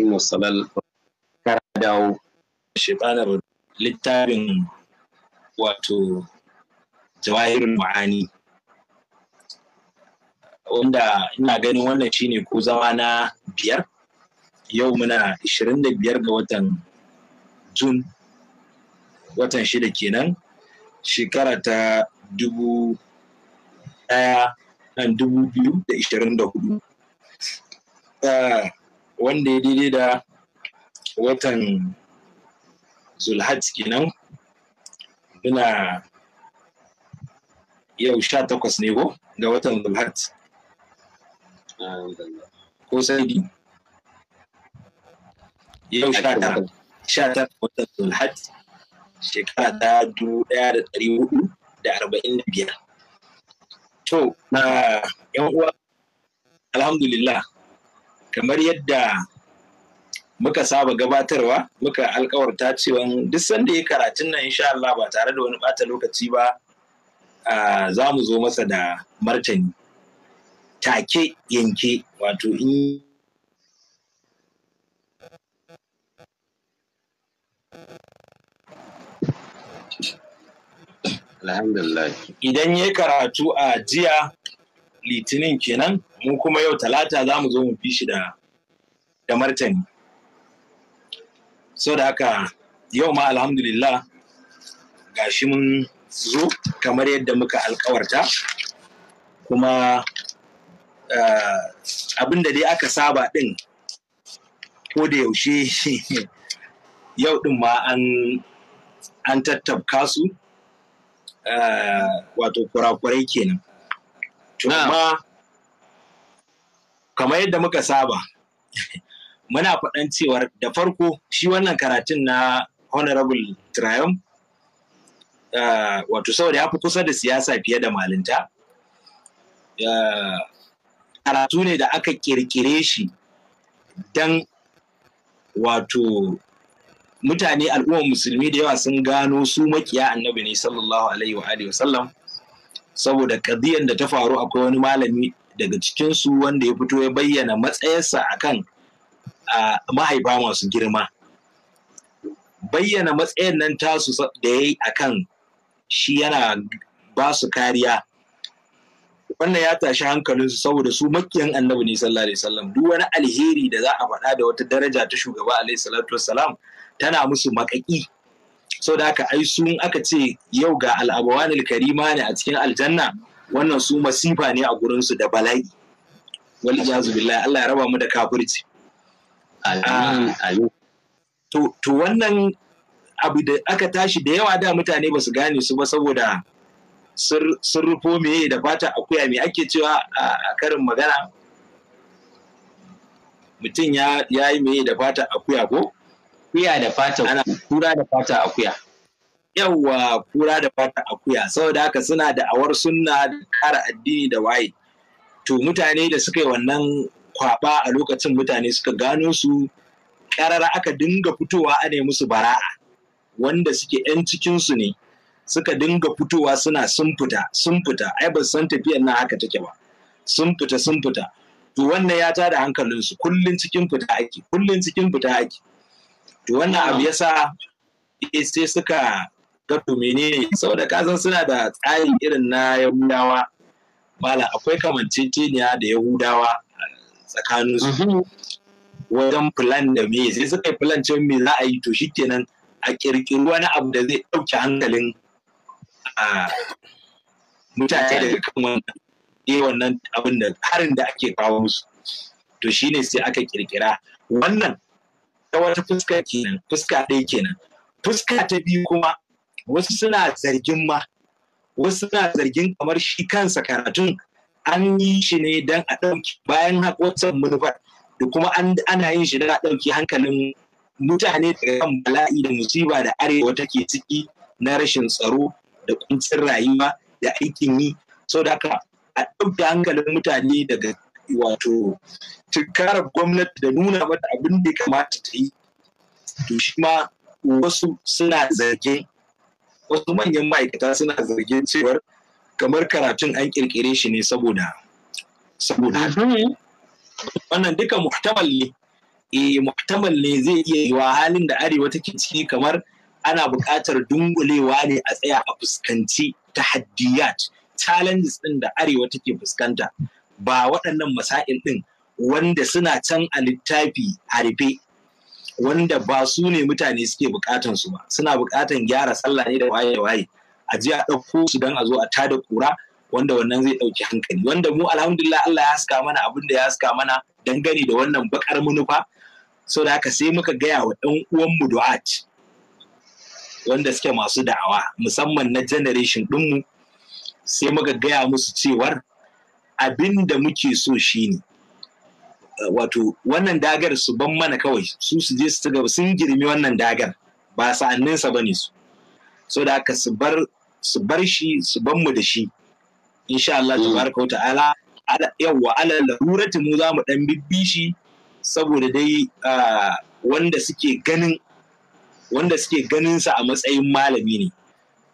a karadawo shekarar littafin wato jawahirin ma'ani wanda ina ganin wannan shine ko zama na biyar yau muna 25 ga watan jun watan shida kenan shekara ta dubu daya nan dubu biyu da ishirin da hudu ah, wanda ya daidai da watan zulhaj kenan muna yau sha takwas ne ko ga watan zulhaj ko sai yau sha tara watan zulhaj shekara ta dubu ɗaya da ɗari hudu da arba'in da biyar to na ah, yan uwa alhamdulillah kamar yadda muka saba gabatarwa muka alkawarta cewa duk sanda ya karatun nan insha Allah ba tare da wani bata lokaci ba za mu zo masa da martani take yanke wato in Idan ya karatu a jiya litinin kenan mu kuma yau talata za mu zo mu bi shi da martani so da haka yau ma alhamdulillah gashi mun zo kamar yadda muka alkawarta kuma eh, abin da dai aka saba ɗin ko da yaushe yau ɗin ma an an tattabka su uh, wato kurakurai kenan. Nah. kamar yadda muka saba muna faɗan cewar da farko shi wannan karatun na honorable triumph eh, wato saboda ya fi kusa da siyasa fiye da malinta eh, karatu ne da aka kirkire shi don wato mutane al'ummar musulmi da yawa sun gano su makiya annabi ne sallallahu alaihi wa sallam saboda kadiyan da ta faru akwai wani malami daga cikinsu wanda ya fito ya bayyana matsayarsa akan mahaifa masu girma bayyana matsayin nan tasu da ya yi kan shi yana ba su kariya wannan ya tashi hankalinsu saboda su makiyan annabi ne sallallahu alaihi wasallam duk wani alheri da za a faɗa da wata daraja ta shugaba alaihi salatu tana musu makaki saboda haka ai sun aka ce yau ga al'abawanil karima ne a cikin aljanna wannan su masifa ne a gurinsu da bala'i Wani ijazu billahi Allah ya raba mu da kafirci ah. to to wannan abu da aka tashi da yawa da mutane ba su gane su ba saboda sun rufo meye da fata akuya me ake cewa a karin magana mutum ya yi meye da fata akuya ko? Kuya da fata, kura da fata akuya. yawa kura da fata akuya saboda haka suna da awar sunna da kara addini da waye to mutane da suka yi wannan kwaba a lokacin mutane suka gano su karara aka dinga fitowa a ne musu bara'a wanda suke 'yan cikinsu ne suka dinga fitowa suna sun fita sun fita ai ba san tafiyar nan haka take ba sun fita sun fita to wannan ya hankalin su kullun cikin fita ake kullun cikin fita ake to wannan abu yasa eh, sai suka gado menene menene da kasan suna da tsari irin na yahudawa mala akwai kamanceceniya da yahudawa tsakanin su mhm. wajen filan da me sai suka yi filan cewa me za a yi to shikenan a kirkiri wani abu da zai ɗauke hankalin mutane daga kan wannan eh, wannan abin da harin da ake kawo musu to shine sai aka kirkira wannan ta wata fuska kenan fuska ɗaya kenan fuska ta biyu kuma wasu suna zargin ma wasu suna zargin kamar shi kansa karatun an yi shi ne don a ɗauki bayan watan manufar da kuma ana yin shi don a ɗauki hankalin mutane daga kan bala'i da musiba da arewa take ciki na rashin tsaro da kuncin rayuwa da aikin yi sau da haka a ɗauki hankalin mutane daga wato tunkarar gwamnati da nuna mata abin da ya kamata ta yi to shi ma wasu suna zargin wasu manyan ma'aikata suna zargin cewar kamar karatun an kirkire shi ne saboda saboda mhm. wannan duka muhtamal ne e muhtamal ne zai iya yiwa halin da arewa take ciki kamar ana buƙatar dungulewa ne a tsaya a fuskanci tahaddiyat challenges ɗin da arewa take fuskanta ba waɗannan masa'il ɗin wanda suna can a littafi a rufe wanda ba su ne mutane suke bukatan su ba suna bukatan gyara sallah ne da waye waye a ji a ɗauko su dan a zo a tada kura wanda wannan zai ɗauki hankali wanda mu alhamdulillah Allah ya haska mana abin da ya haska mana dangane da wannan bakar manufa so da haka sai muka gaya wa ɗan uwanmu du'at wanda suke masu da'awa musamman na generation ɗinmu sai muka gaya musu cewar abin da muke so shine wato wannan dagar su ban mana kawai su su je su gaba sun girmi wannan dagar ba sa'anninsa ba bane su so da aka su bar su bar shi su ban mu da shi insha Allah mm. tabaraka ta'ala yawwa ala larurati mu zamu mu dan bibbi shi saboda dai wanda suke ganin wanda suke ganin sa a matsayin malami ne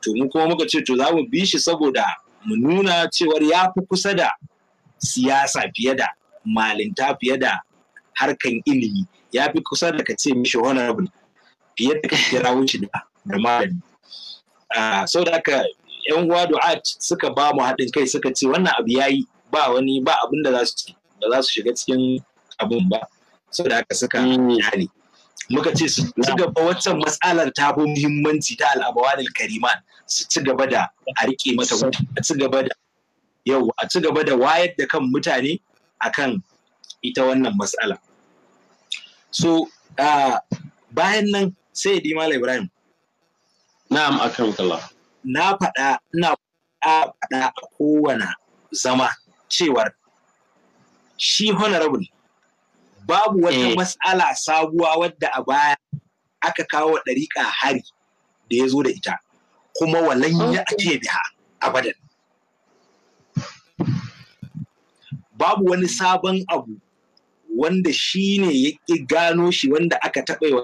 to mu kuma muka ce to zamu bi shi saboda mu nuna cewar ya fi kusa da siyasa fiye da malinta fiye da harkan ilimi ya fi kusa da ka ce mishi honorable fiye da ka kira wuce da malami ah, so da haka yan uwa du'at suka ba mu haɗin kai suka ce wannan abu yayi ba wani ba abin da za su za su shiga cikin abun ba so da haka suka hali mm. muka ce su ci gaba waccan matsalar ta fi muhimmanci ta al'abawanil kariman su ci gaba da a rike mata wuta a ci gaba da yau a ci gaba da wayar da kan mutane akan ita wannan matsala so uh, bayan nan sai di mala ibrahim na'am akan kala na faɗa ina faɗa a kowane zama cewar shi honorable babu wata eh. matsala sabuwa wadda a baya aka kawo ɗariƙa hari da ya zo da ita kuma walan ya ake biha abadan babu wani sabon abu wanda shi ne ya ƙi gano shi wanda aka taɓa yi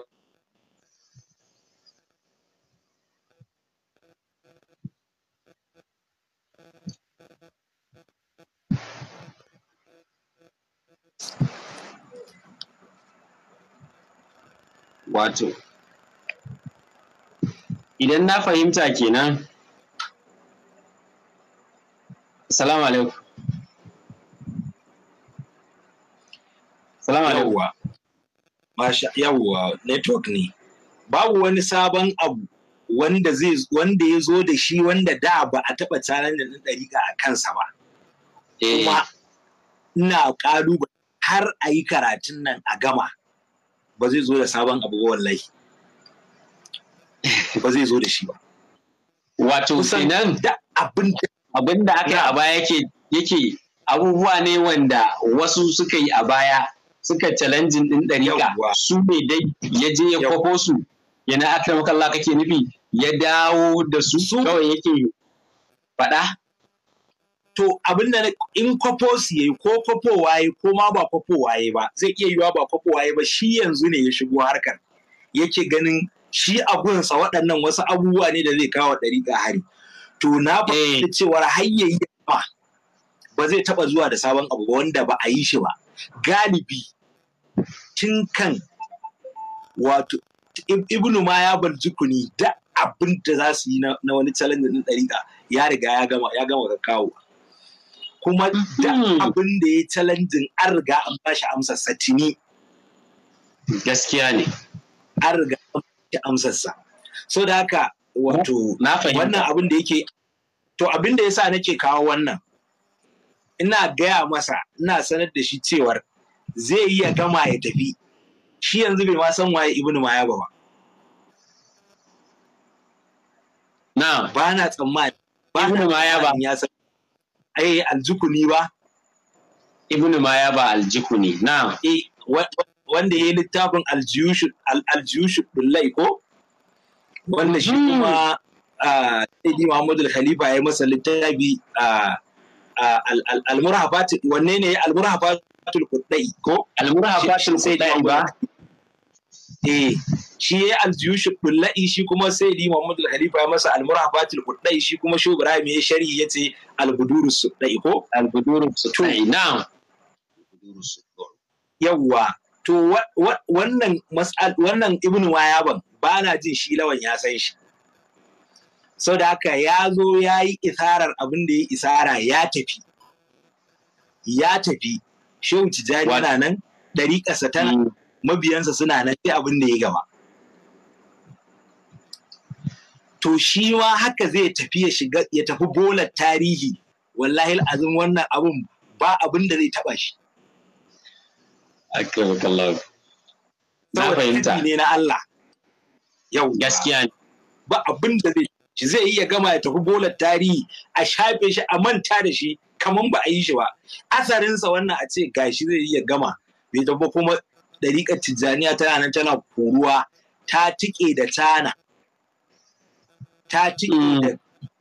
Wato, idan na fahimta kenan, salamu alaikum. Yawwa. Masha yawwa network ne. Babu wani sabon abu wanda zai wanda ya zo da shi wanda da ba a taɓa tsaran da ɗan dariƙa a kansa ba. Eh. Kuma ina ƙalubale har a yi karatun nan a gama ba zai zo da sabon abu ba wallahi. Ba zai zo da shi ba. Wato da abin da aka yi a baya yake abubuwa ne wanda wasu suka yi a baya suka challenging din dariƙa su ne dai ya je ya kwafo su yana aka maka Allah kake nufi ya dawo da su kawai yake faɗa to abin da in kwafo su yayi ko kwafo waye ko ma ba kwafo waye ba zai iya yiwa ba kwafo waye ba shi yanzu ne ya shigo harkar yake ganin shi a gunsa waɗannan wasu abubuwa ne da zai kawo dariƙa hari to na eh. fahimci cewar har yayi ba zai taɓa zuwa da sabon abu ba wanda ba a yi shi ba galibi tun kan wato ibnu ma ya bar jukuni da abin da za su yi na wani challenge din ɗariƙa ya riga ya gama ya gama kawo kuma da mm-hmm. abin da ya challenge an riga an ba shi amsar satini gaskiya ne an riga an ba shi amsar sa so da haka wato wannan abin da yake to abin da yasa nake kawo wannan ina gaya masa ina sanar da shi cewar zai iya gama ya tafi shi yanzu bai ma san waye ibn maya ba na ba na tsammani ba maya ba ya san ai aljukuni ba maya ba aljukuni na eh wanda ya yi littafin aljushu billahi ko wanda shi hmm. kuma ah, sai Muhammadu Khalifa ya masa littafi a ah, almurahafat wanne ne ko shi ya aljiyushu kullai shi kuma sai khalifa ya masa shi kuma ya sharhi yace albudurus ko yawwa to wannan wannan ibnu wayaban ba na jin shi lawan ya san shi so da haka ya zo ya yi isarar abin da ya isara ya tafi ya tafi shehu tijjani yana nan ɗari ƙasa tana mm. mabiyansa suna nan sai abin da ya gama to shi ma haka zai tafi ya shiga ya tafi bolar tarihi wallahi azin wannan abin ba abin da zai taba shi na fahimta ne na Allah yau gaskiya ba abin da zai zai iya gama ya tafi bolar tarihi a shafe shi a manta da shi kamar ba a yi shi ba asarinsa wannan a ce gashi zai iya gama bai tafi kuma ɗariƙar tijjaniya tana nan tana koruwa ta tike da tana ta tike mm. da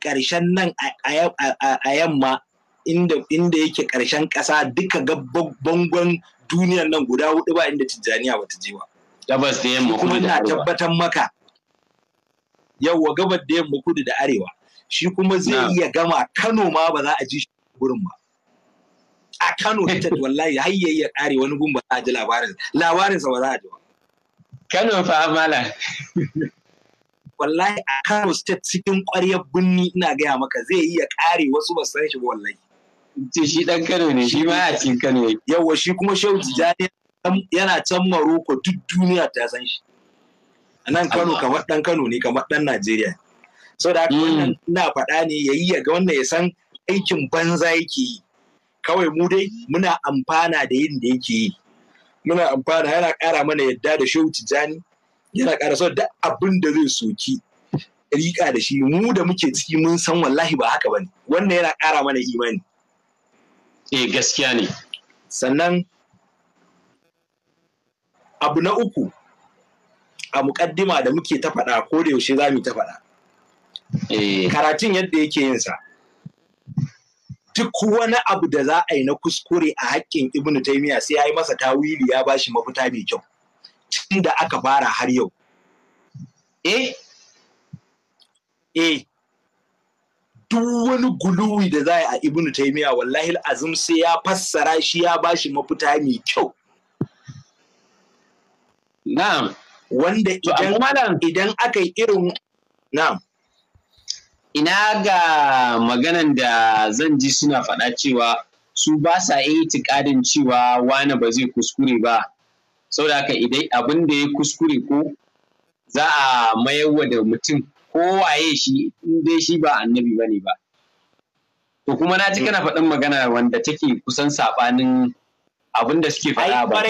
ƙarshen nan a yamma inda yake ƙarshen ƙasa duka bangon duniyar nan guda hudu ba inda tijjaniya ba ta je ba. Tabbas da yamma kuma da Kuma ina tabbatar maka yawwa gabar da yamma kudu da arewa shi kuma zai iya gama Kano ma ba za a ji shi gurin ba a Kano ta wallahi har yayi ya kare wani gun ba za a ji labarin labarin sa ba za a ji ba Kano fa mala wallahi a Kano state cikin ƙwaryar birni ina gaya maka zai iya kare wasu ba san shi ba wallahi ce shi dan Kano ne shi ma a cikin Kano yake shi kuma Shehu Tijani yana can Maroko duk duniya ta san shi nan Kano kamar dan Kano ne kamar dan Najeriya da haka mm. wannan ina faɗa ne yayi ya ga wannan ya san aikin banza yake yi kawai mu dai muna amfana da yin da yake yi muna amfana yana ƙara mana yadda da shehu tijjani yana ƙara so da abin da zai soki Rika da shi mu da muke ciki mun san wallahi ba haka bane wannan yana ƙara mana imani eh gaskiya ne sannan abu na uku a mukaddima da muke ta faɗa ko da yaushe za mu ta faɗa eh. karatun yadda yake yin sa duk wani abu da za a yi na kuskure a haƙƙin ibnu taymiya sai ya yi masa tawili ya bashi mafita mai kyau tun da aka fara har yau eh eh duk wani guluwi da za a yi a ibnu taimiya wallahi azum sai ya fassara shi ya bashi mafita mai kyau na'am wanda idan aka yi irin na ina ga maganan da zan ji suna faɗa cewa su ba sa itikadin cewa wani ba zai kuskure ba saboda haka idan abin da ya kuskure ko za a mayarwa da mutum ko waye shi in dai shi ba annabi ba ne ba to kuma na ji kana faɗin magana wanda take kusan saɓanin abin da suke faɗa ba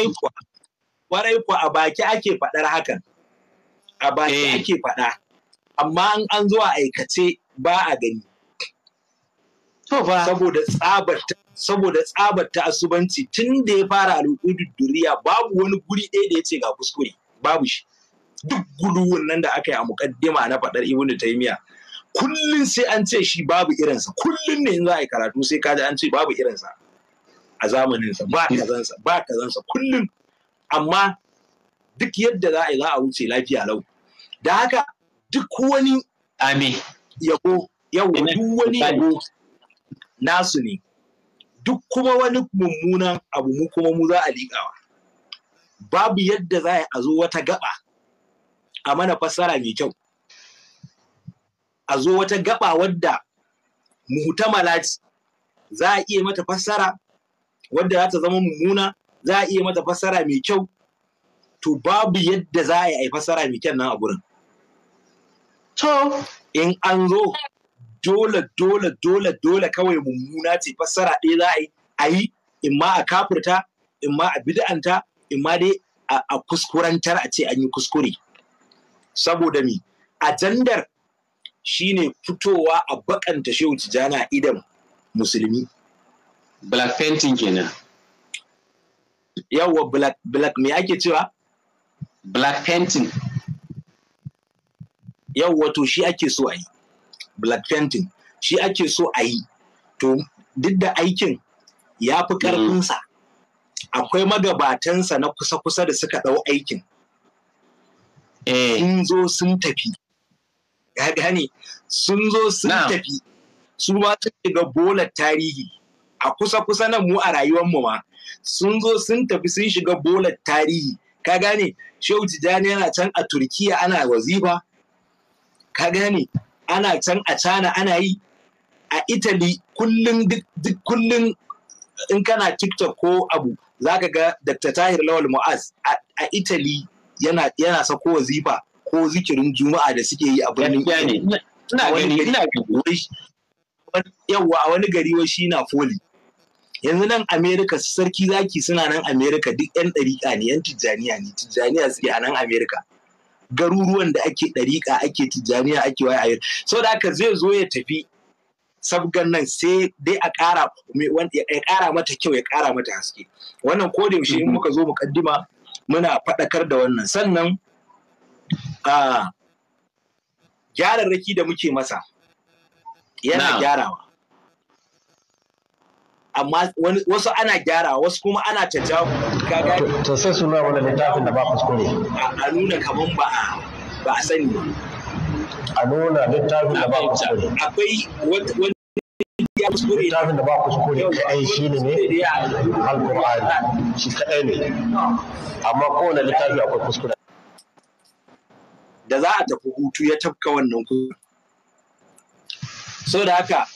Kwarai ko a baki ake faɗar hakan. A baki eh. ake faɗa. Amma an an zuwa aikace ba a gani. Saboda tsabar saboda tsabar ta asubanci tun da ya fara al'udud duriya babu wani guri ɗaya da ya ce ga kuskure babu shi duk guduwun nan da aka yi a mukaddima na faɗar ibnu taymiya kullun sai an ce shi babu irinsa kullun ne in za a yi karatu sai kaji an ce babu irinsa a zamanin sa ba kazansa ba kazansa kullun amma duk yadda za a za a wuce lafiya lau da haka duk wani ame yabo yau duk wani yabo nasu ne duk kuma wani mummunan abu mu kuma mu za a liƙawa babu yadda za a zo wata gaba a mana fassara mai kyau a zo wata gaba wadda muhtamala za a iya mata fassara wadda za ta zama mummuna za a iya mata fassara mai kyau to babu yadda za a yi fasara mai kyan nan a gurin to in an zo dole dole dole dole kawai mummuna ce fasara ɗaya za a yi in ma a kafurta in ma a bid'anta in ma dai a kuskurantar a ce an yi kuskure saboda mi ajandar ne fitowa a bakanta shehu jana a idan musulmi black painting kenan yawwa black black me ake cewa black painting yawwa to shi ake so a yi black painting shi ake so a yi to duk da aikin ya fi mm. ƙarfinsa akwai magabatansa na kusa-kusa da suka ɗau aikin eh. sun zo sun tafi gane sun zo sun tafi su ma sun shiga bolar tarihi a kusa kusa nan mu a rayuwar mu ma sun zo sun tafi sun shiga bolar tarihi ka gane shehu tijjani yana can a turkiya ana wazifa ka gane ana can a cana ana yi a italy kullum duk kullum in kana tiktok ko abu za ka ga dr tahir lawal mu'az a italy yana yana sako wazifa ko zikirin juma'a da suke yi a birnin ina gani ina gani yawa a wani gari wa shi na foli yanzu nan Amerika, sarki zaki suna nan Amerika duk yan ɗariƙa ne yan tijjaniya ne tijjaniya suke a nan Amerika. garuruwan da ake ɗariƙa ake tijjaniya ake waya ayyar so da haka zai zo ya tafi sabgan nan sai dai a ƙara ya ƙara mata kyau ya ƙara mata haske wannan ko da yaushe in mhm. muka zo mu kaddima muna faɗakar da wannan sannan a gyararraki da muke masa yana gyarawa amma wasu ana gyara wasu kuma ana ta to sai su nuna wani littafin da ba kuskure a nuna kaman ba ba a sani a nuna littafin da ba kuskure akwai wani littafin da ba kuskure kaɗai shi ne ne alkur'ani shi kadai ne amma kowane littafi akwai kuskure da za a tafi hutu ya tafka wannan kuskure so da haka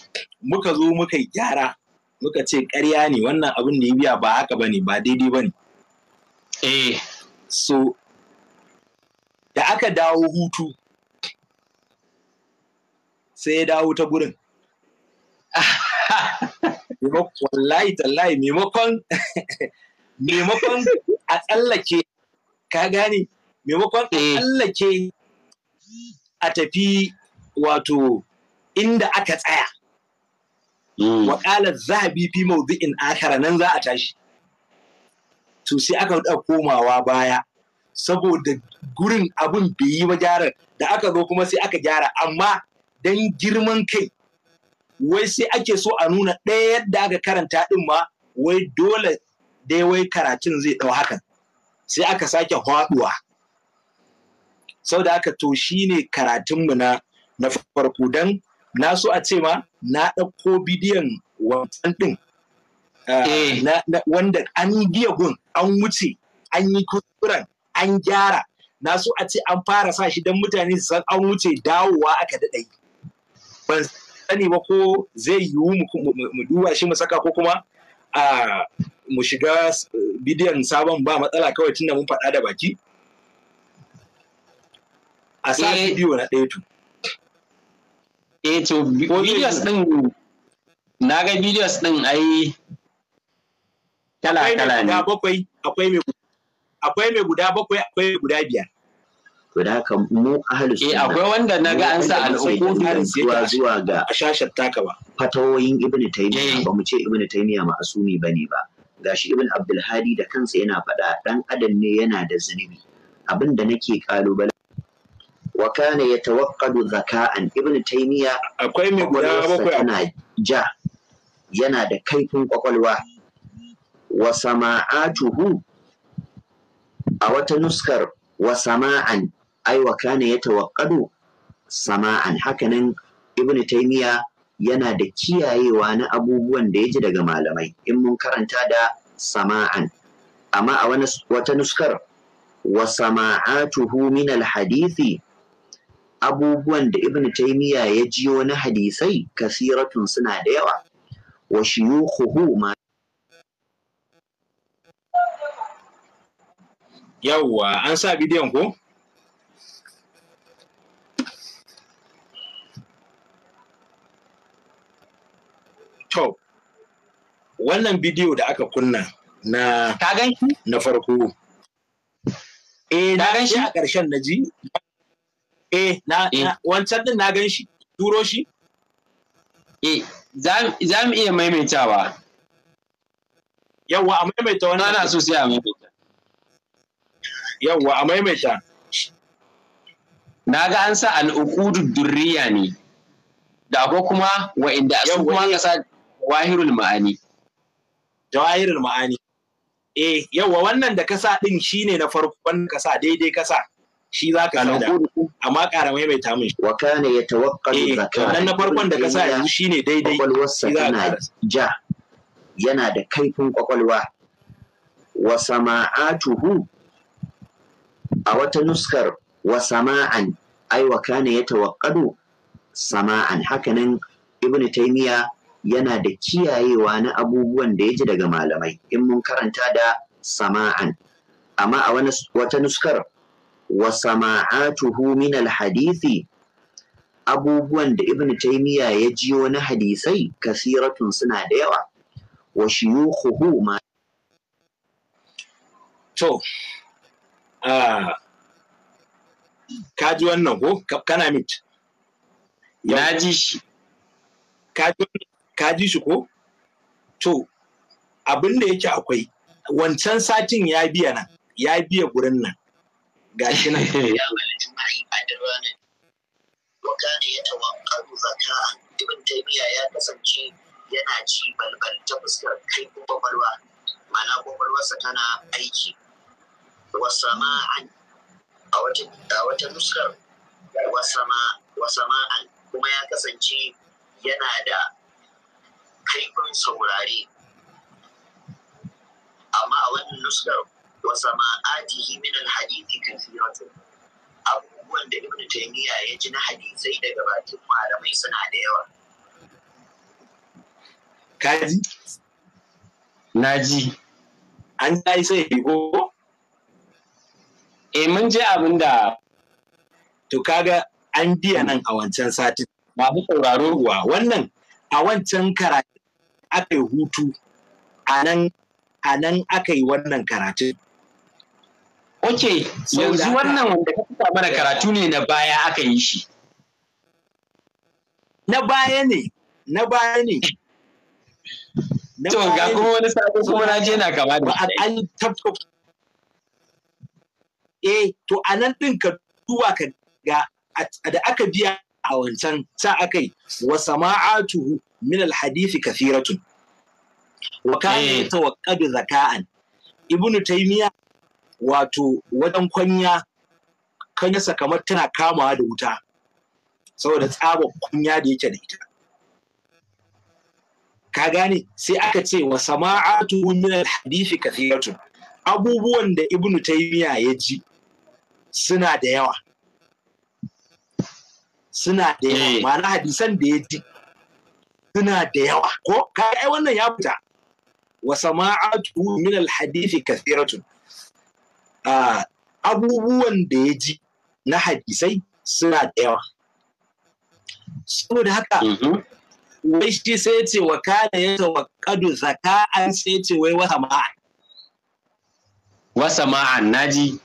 muka zo muka yi gyara muka ce ƙarya ne wannan abin da ya biya ba haka ba ne ba daidai ba ne eh so da aka dawo hutu sai ya dawo ta gurin wallahi tallahi maimakon maimakon a tsallake ka gane maimakon a eh. tsallake a tafi wato inda aka tsaya Mm. wa qala zahabi fi mawdi'in akara nan za a tashi to sai aka da komawa baya saboda gurin abin bai yi ba gyaran da aka zo kuma sai aka gyara amma dan girman kai wai sai ake so a nuna ɗaya yadda aka karanta ɗin ma wai dole dai wai karatun zai ɗau hakan sai aka sake haɗuwa sau da aka to shi ne karatunmu na farko don na so a ce ma na ɗauko bidiyon wancan ɗin eh, eh. wanda an yi biya gun an wuce an yi kuskuren an gyara na so a ce an fara sa shi don mutane su san an wuce dawowa aka daɗai ban sani ba ko zai yiwu mu duba shi mu saka ko kuma mu shiga bidiyon sabon ba matsala kawai tunda mun faɗa da baki a sa eh. bidiyo na ɗaya tun eh to videos din na ga videos din ai kala kala ne bakwai akwai mai akwai me guda bakwai akwai mai guda biyar to da mu ahlus eh akwai wanda na ga an sa al'ummar zuwa zuwa ga ashashar taka ba fatawoyin ibnu taymiya eh. ba mu ce ibnu taymiya ma asumi bane ba gashi ibn abdulhadi da kansa yana faɗa dan adam ne yana da zunubi abin da nake kalubale wa kana yatawaqqadu zaka'an ibnu taymiya akwai mai guda bakwai tana ja yana da kaifin kwakwalwa wa sama'atuhu a wata nuskar wa sama'an ai wa kana yatawaqqadu sama'an hakanan Ibn taymiya yana da kiyayewa na abubuwan da ya ji daga malamai in mun karanta da sama'an amma a wata nuskar wa sama'atuhu min alhadisi abubuwan da ibn taymiya ya jiyo na hadisai kasiratun suna da yawa wa shuyukhuhu ma yawwa an sa bidiyon ko to wannan bidiyo da aka kunna na na farko eh na ganshi a ƙarshen naji Eh, eh na wancan din na gan shi turo shi eh za mu iya maimaitawa yawwa a maimaita wani ana so sai a maimaita yawwa a maimaita na ga an sa al'ukudu durriya ne da ko kuma wa'inda su kuma eh. ka sa wahirul ma'ani jawahirul ma'ani eh yawwa wannan da kasa din shine na farko wannan kasa daidai kasa shi za ka sada amma ƙara maimaita mun shi ya tawakkalu zaka. Eh, wannan na farkon da ka sa yanzu shine daidai kwakwalwarsa tana ja yana da kaifin kwakwalwa wa sama'atuhu a wata nuskar wa sama'an ai ne ya tawakkalu sama'an hakanan ibnu taymiya yana da kiyayewa na abubuwan da ya ji daga malamai in mun karanta da sama'an amma a wata nuskar wa sama'atuhu min alhadisi abubuwan da ibn taymiya ya jiyo na hadisai kasiratun suna da yawa wa shuyukhuhu ma to ah ka ji wannan ko kana mit na ji shi ka ji shi ko to abin da yake akwai wancan satin ya biya nan ya biya gurin nan Ga gashi nan ya jima'i balci mai adirwani wakane ya tawakkalu zaka ibn taymiya ya kasance yana ci balbal ta fuskar kai kwakwalwa mana kwakwalwarsa tana aiki wasama'an a wata a wata nuskar wasama'an kuma ya kasance yana da kaifin saurare amma a wannan nuskar wa sama'atihi min al-hadithi kathiratun abubuwan da ibn taymiya ya ji na hadisai daga bakin malamai suna da yawa kaji naji an ta sai ko e mun je abin da to kaga an biya nan a wancan satin masu sauraro wannan a wancan karatu aka hutu a nan aka wannan karatun Ok, yanzu wannan wanda ka fita mana karatu ne na baya aka yi shi. Na baya ne, na baya ne. To ga kuma wani sabo kuma na je na kama da. An tabto. Eh, to a nan ɗin ka duba ka ga da aka biya a wancan sa aka yi wa tuhu min alhadisi kathiratun. Wa eh. wa ƙadu zaka'an. Ibn Taymiyyah wato wajen kwanya kanyarsa kamar tana kamawa da wuta saboda tsabar kunya da yake da ita ka gane sai aka ce wa sama'atu min al-hadisi kathiratun abubuwan da ibnu taymiya ya ji suna da yawa suna da yawa eh. ma'ana hadisan da ya ji suna da yawa ko ka ai wannan ya fita wa sama'atu min al-hadisi kathiratun abubuwan da ya ji na hadisai suna da yawa saboda haka mm-hmm. wai shi sai ce wa kada ya tawakkadu an sai ce wai wasa ma'an wasa ma'an naji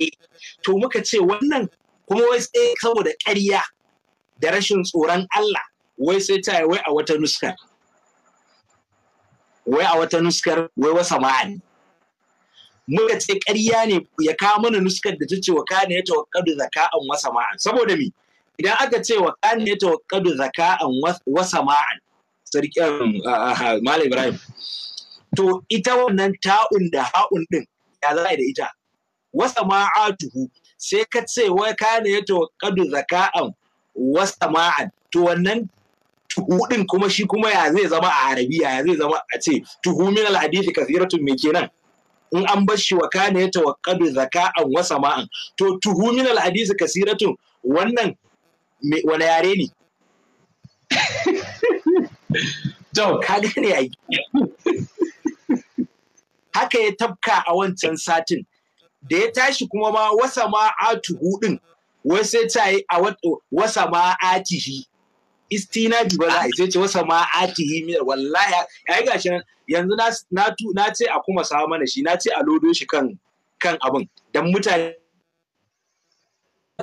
eh, to muka ce wannan kuma wai sai saboda ƙarya da rashin tsoron Allah wai sai ta wai a wata nuskar wai a wata nuskar wai wasa ma'an muka ce ƙarya ne ya kawo mana nuskar da ta ce wa kane ya tawakkadu zaka'an wasa ma'an saboda me idan aka ce wa kane ya tawakkadu zaka'an wasa ma'an sarkin Malam Ibrahim to ita wannan ta'un da ha'un din ya za da ita wasa ma'atuhu sai ka ce wa kane ya tawakkadu zaka'an wasa ma'an to wannan tuhu din kuma shi kuma ya zai zama a arabiya ya zai zama a ce tuhu min al-hadisi kathiratun me kenan in an bar shi wa kana ya zaka an wasa ma'an to tuhumin alhadisi kasiratu, wannan wani yare ne to ka gane ai haka ya tafka a wancan satin da ya tashi kuma ma wasa ma'atuhu din wai sai ta yi a wasa ma'atihi istina ba za a ce wasa ma atihi min wallahi yi gashi nan yanzu na na ce a kuma samu mana shi na ce a lodo shi kan kan abin dan mutane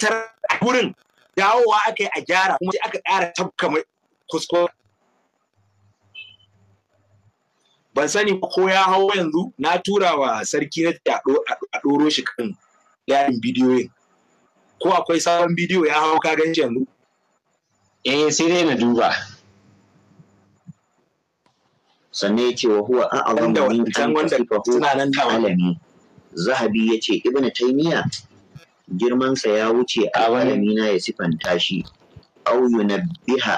tar gurin dawowa aka yi a gyara kuma aka ƙara tabka mai kusko ban sani ko ya hau yanzu na tura wa sarki na a ɗoro shi kan yayin bidiyoyin ko akwai sabon bidiyo ya hau ka gan shi yanzu eh sai dai na duba sanne yake wa huwa a azama min kan wanda suna nan da alami zahabi yace ibnu taymiya sa ya wuce a alami na ya sifanta shi aw yunabbiha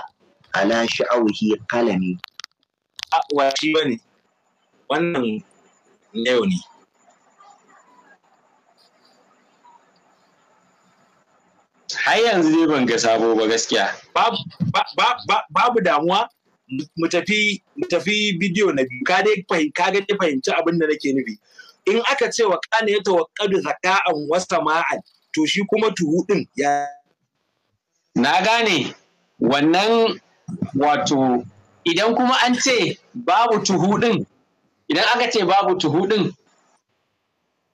ala sha'awhi qalami a wa shi bane wannan yau ne har yanzu dai ban ga sabo ba gaskiya babu damuwa mu tafi bidiyo na biyu ka dai ka ga fahimci abin da nake nufi in aka ce wa kana ya tawakkadu wasa wasama'an to shi kuma tuhu din ya na gane wannan wato idan kuma an ce babu tuhu din idan aka ce babu tuhu din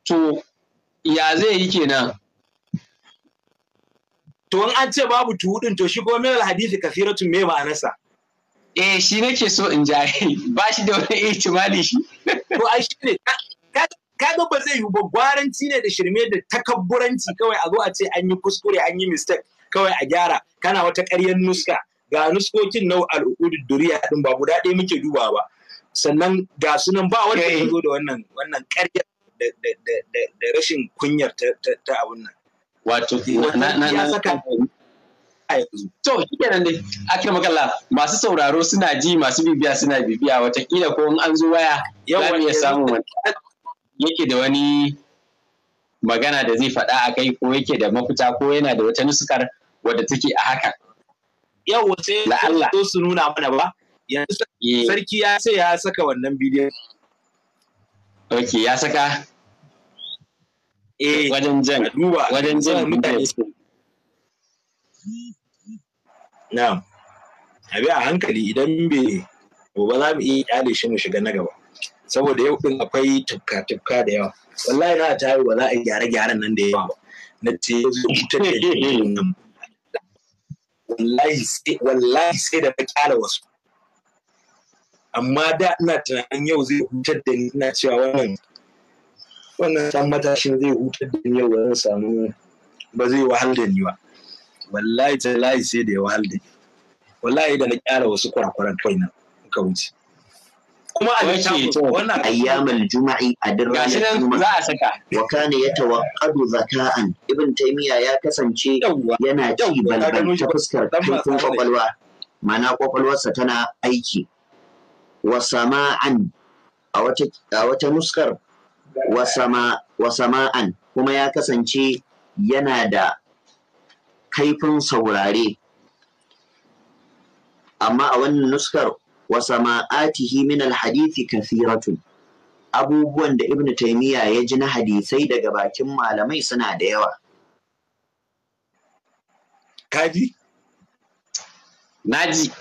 to ya zai yi kenan to in an ce babu tuhudin to shi ko mai alhadisi kasiratun me ma'anarsa eh shi nake so in jare ba shi da wani ihtimali shi to ai shi ne ga ba zai yi ba gwaranci ne da shirme da takabburanci kawai a zo a ce an yi kuskure an yi mistake kawai a gyara kana wata ƙaryar nuska ga nuskokin nau al'udu duriya din ba guda ɗaya muke duba ba sannan ga sunan ba wanda eh. ya zo da wannan wannan ƙaryar da rashin kunyar ta abun nan wato to shi na to kenan dai ake magana masu sauraro suna ji masu bibiya suna bibiya watakila ko in an zo waya za mu iya eh, samu wani yake da wani magana da zai faɗa a kai ko yake da mafita ko yana da wata nusukar wadda take a haka yau wace la'alla su nuna mana ba yanzu eh. sarki ya ce ya saka wannan bidiyon ok ya saka eh wajen jan duba wajen jan mutane su na'am abi a hankali idan bai gobe za mu iya kyale shi mu shiga na gaba saboda yau din akwai tufka tufka da yawa wallahi na ta ba za a gyare gyaran nan da yawa ba na ce zuta da nan wallahi sai wallahi sai da kyale wasu amma da ina tunanin yau zai hutar da ni ina cewa wannan wannan san matashin zai hutar da ni yau zan samu ba zai wahal da ni ba wallahi tallahi sai da ya wahal da ni wallahi da na kyara wasu kurakuran kai na muka wuce kuma a ce wannan ayyamal juma'i a dirran juma'a za a saka wa kana yatawaqqadu zaka'an ibn taymiya ya kasance yana ci balbal ta fuskar kaifin kwakwalwa ma'ana kwakwalwarsa tana aiki wa sama'an a wata nuskar Wasama'an, kuma ya kasance yana da kaifin saurare amma a wannan nuskar wa sama'atihi min alhadithi kathiratun abubuwan da ibn taymiya ya ji na hadisai daga bakin malamai suna da yawa kaji naji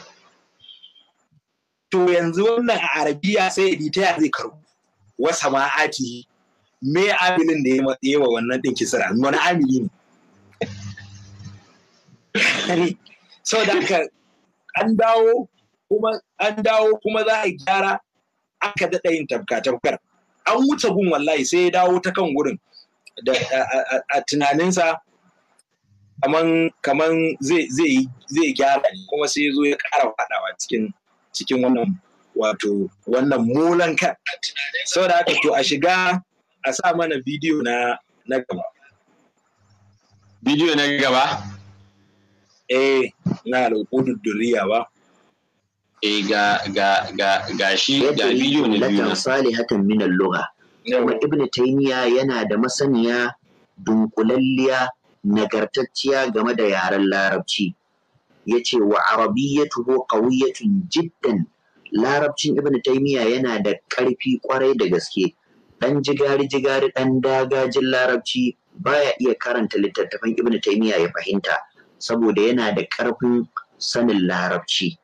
to yanzu wannan a arabiya sai edita zai karbu wa sama'ati me amilin da ya yi wa wannan ɗin Kisira? wani amili ne so da aka an dawo kuma an dawo kuma za a gyara aka daɗa yin tafka-tafkar an wuce gun wallahi sai ya dawo ta kan gurin da a tunaninsa kaman kaman zai zai gyara kuma sai ya zo ya ƙara faɗawa cikin, cikin wannan wato wannan molan kan saboda haka to a shiga a sa mana bidiyo na na gaba bidiyo na gaba eh na alƙudu duriya ba eh ga ga ga ga shi ga bidiyo na biyu na salihatan min al-lugha kuma ibnu taymiya yana da masaniya dunkulalliya nagartacciya game da yaren larabci yace wa arabiyyatuhu qawiyatun jiddan larabcin ibn taymiya yana da ƙarfi kwarai da gaske ɗan jigari jigari ɗan dagajin larabci baya iya karanta littattafan ibn taymiya ya fahimta saboda yana da ƙarfin sanin larabci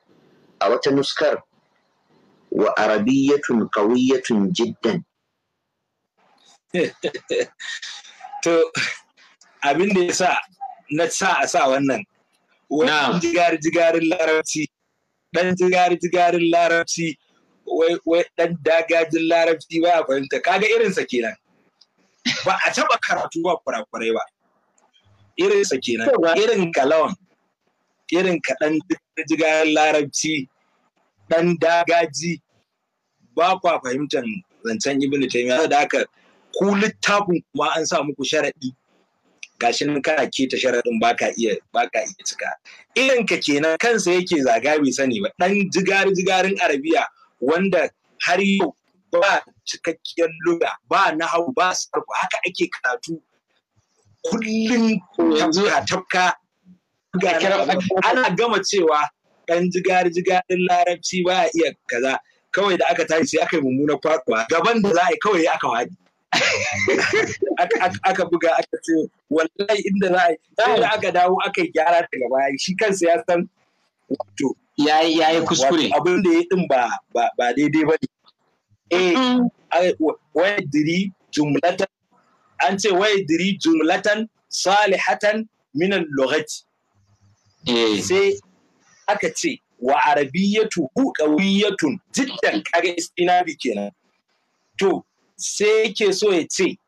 a wata nuskar wa arabiyyatun qawiyatun jiddan to abin da ya sa na sa a sa wannan wani jigari jigarin larabci dan jigari jigarin larabci wai dan dagajin larabci ba ya fahimta kaga irinsa kenan ba a taba karatu ba kurakurai ba irinsa kenan irin kalawan irin kaɗan jigayen larabci ɗan dagaji ba kwa fahimtar zancen ibnu taymiya da aka ku littafin kuma an sa muku sharaɗi gashi nan kana keta sharaɗin ba ka iya cika irin ka kenan kansa yake zaga bai sani ba Ɗan jigari jigarin arabiya wanda har yau ba cikakkiyar luga ba na hau, ba sarfa haka ake karatu kullum a tafka ana gama cewa ɗan jigari jigarin larabci ba iya kaza kawai da aka tashi sai aka yi mummunar faɗuwa gaban da za a yi kawai aka wadi aka buga aka ce wallahi inda za a yi aka dawo aka yi gyara daga baya shi kansa ya san wato ya yi kuskure abin da ya din ba ba daidai ba ne eh, waya diri jumlatan an ce waya diri jumlatan salihatan minan lugati eh. sai aka ce wa arabiyyatu hu qawiyatun jiddan kage istinabi kenan to sai yake so ya ce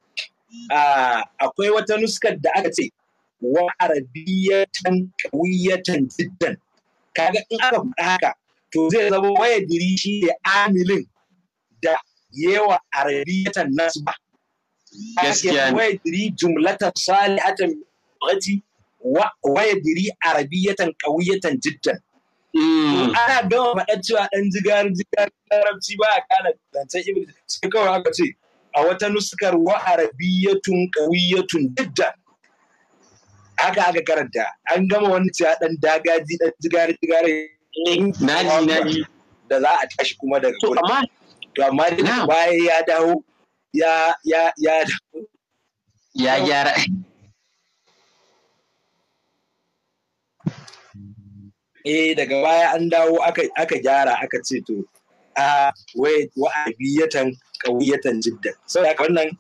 akwai wata nuskar da aka ce wa arabiyatan kawiyatan jiddan kaga in aka faɗa haka to zai zama waya diri shi ne amilin da yawa arabiyatan nasu ba gaskiya ne waya diri jumlatan salihatan wati waya diri arabiyatan kawiyatan jiddan hmm. ana gama faɗa cewa ɗan jigar jigar larabci ba a kana zancen iblis sai kawai aka ce a wata nuskar wa arabiyatun qawiyatun jiddan haka aka karanta an gama wani cewa dan dagaji dan jigare jigare eh, naji naji da za a tashi kuma daga gurin to amma to bai ya dawo ya ya ya ya gyara eh daga baya an dawo aka gyara aka ce to a wait wa abiyatan ƙauyatan jiddan sau da wannan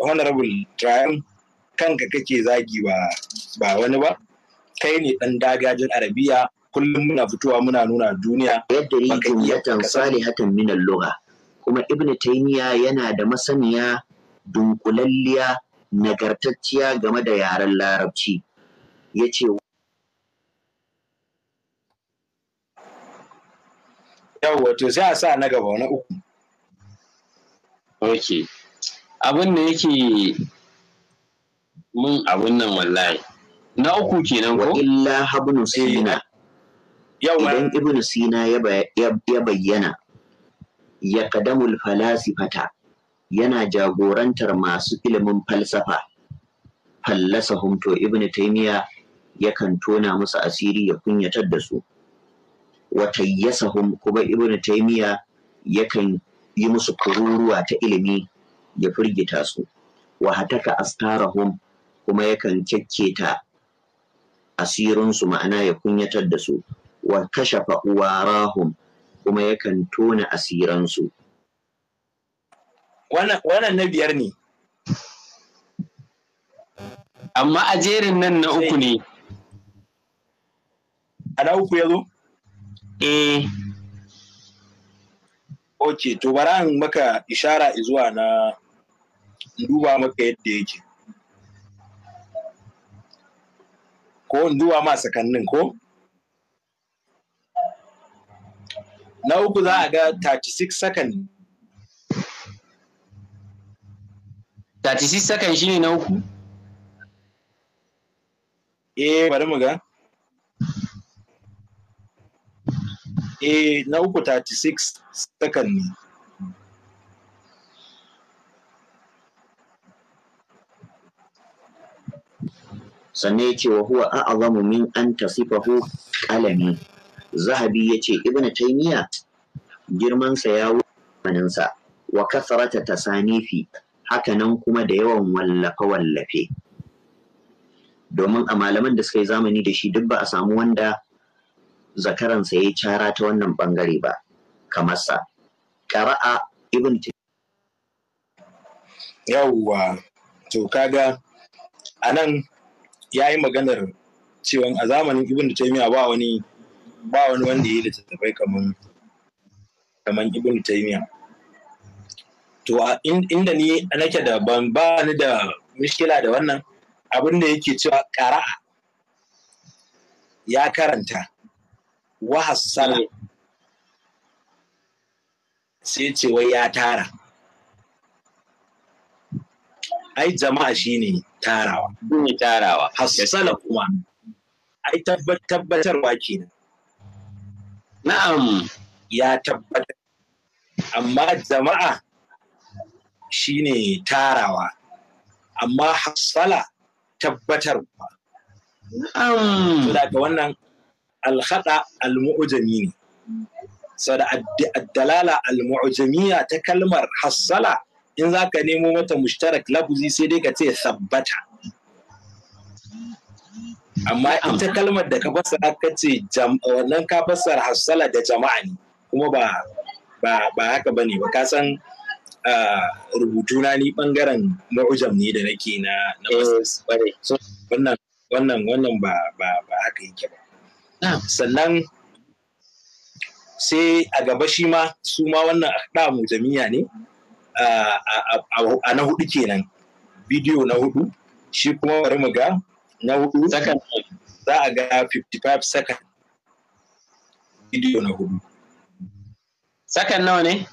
honorable trial kanka kake zagi ba wani ba kai ne ɗan dagajin arabiya kullum muna fitowa muna nuna duniya yadda yi jumlatan hakan min al-lugha kuma Ibn taymiya yana da masaniya dunkulalliya nagartacciya game da yaren larabci yace Yau wato sai a sa na gaba na uku ok abin da yake mun abin nan wallahi na uku kenan ko illa habnu sina idan ibn sina ya bayyana ya kadamul falasifata yana jagorantar masu ilimin falsafa fallasahum to ibn taymiya yakan tona musu asiri ya kunyatar da su watayyasahum kuma ibn taymiya yakan yi musu kururuwa ta ilimi ya firgita su wa hataka astarahum kuma yakan kyakketa asirinsu ma'ana ya kunyatar da su wa kashafa uwarahum kuma yakan tona asiransu wannan na biyar ne amma a jerin nan na uku ne a na uku ya zo eh ok to bara an maka ishara zuwa na duba maka yadda yake ko in duba ma sakannin ko na uku za a ga 36 second 36 second shine na uku eh bari mu ga eh na uku 36 second ne sannan ya ce wa huwa a'azamu min an tasifahu kalami, zahabi ya ce ibn taymiya girmansa ya wuce wa kasarata tasanifi hakanan kuma da yawan wallafe wallafe domin a malaman da suka yi zamani da shi duk ba a samu wanda zakaransa ya yi cara ta wannan bangare ba kamar sa qara'a ibn yawwa to kaga anan ya yi maganar cewa a zamanin ibn taymiya ba wani ba wani wanda ya yi littattafai kaman kaman ibn taymiya to inda ni nake da ban ba ni da mishkila da wannan abin da yake cewa ƙara'a ya karanta wa hassala sai ce wai ya tara ai jama'a shine tarawa ne tarawa hassala kuma ai tabbatarwa kenan na'am ya tabbatar amma jama'a shine tarawa amma hassala tabbatarwa na'am da wannan alhada almu'jami ne saboda addalala almu'jamiya ta kalmar hassala in za ka nemo mata mushtarak labuzi sai dai ka ce sabbata amma ita kalmar da ka fassara ka ce wannan ka fassara hassala da jama'a ne kuma ba ba ba haka ba ka san rubutu na ni bangaren ma'ujam ne da nake na na eh, wannan wannan ba haka yake ba sannan sai a gaba shi ma su ma wannan akda jami'a ne a na hudu kenan bidiyo na hudu shi kuma bari mu ga na hudu za a ga 55 second bidiyo na hudu sakan nawa ne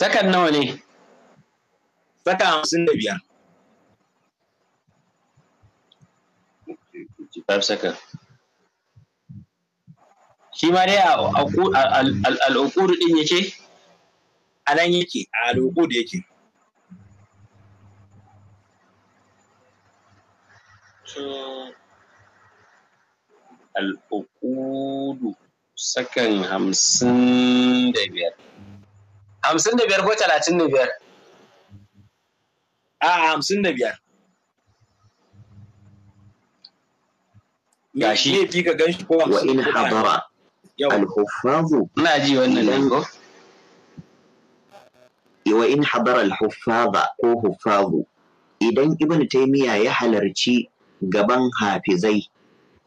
Sakan nawa ne? Saka hamsin da biyar. Five second. Shi ma dai al'ukudu ɗin yake? A nan yake, a al'ukudu yake. Al'ukudu sakan hamsin da biyar. hamsin da biyar ko talatin da biyar a hamsin da biyar gashi ne fi ka ganshi ko wa in habara al-huffazu ina ji wannan ne ko in habara al ko huffazu idan ibnu taimiyya ya halarci gaban hafizai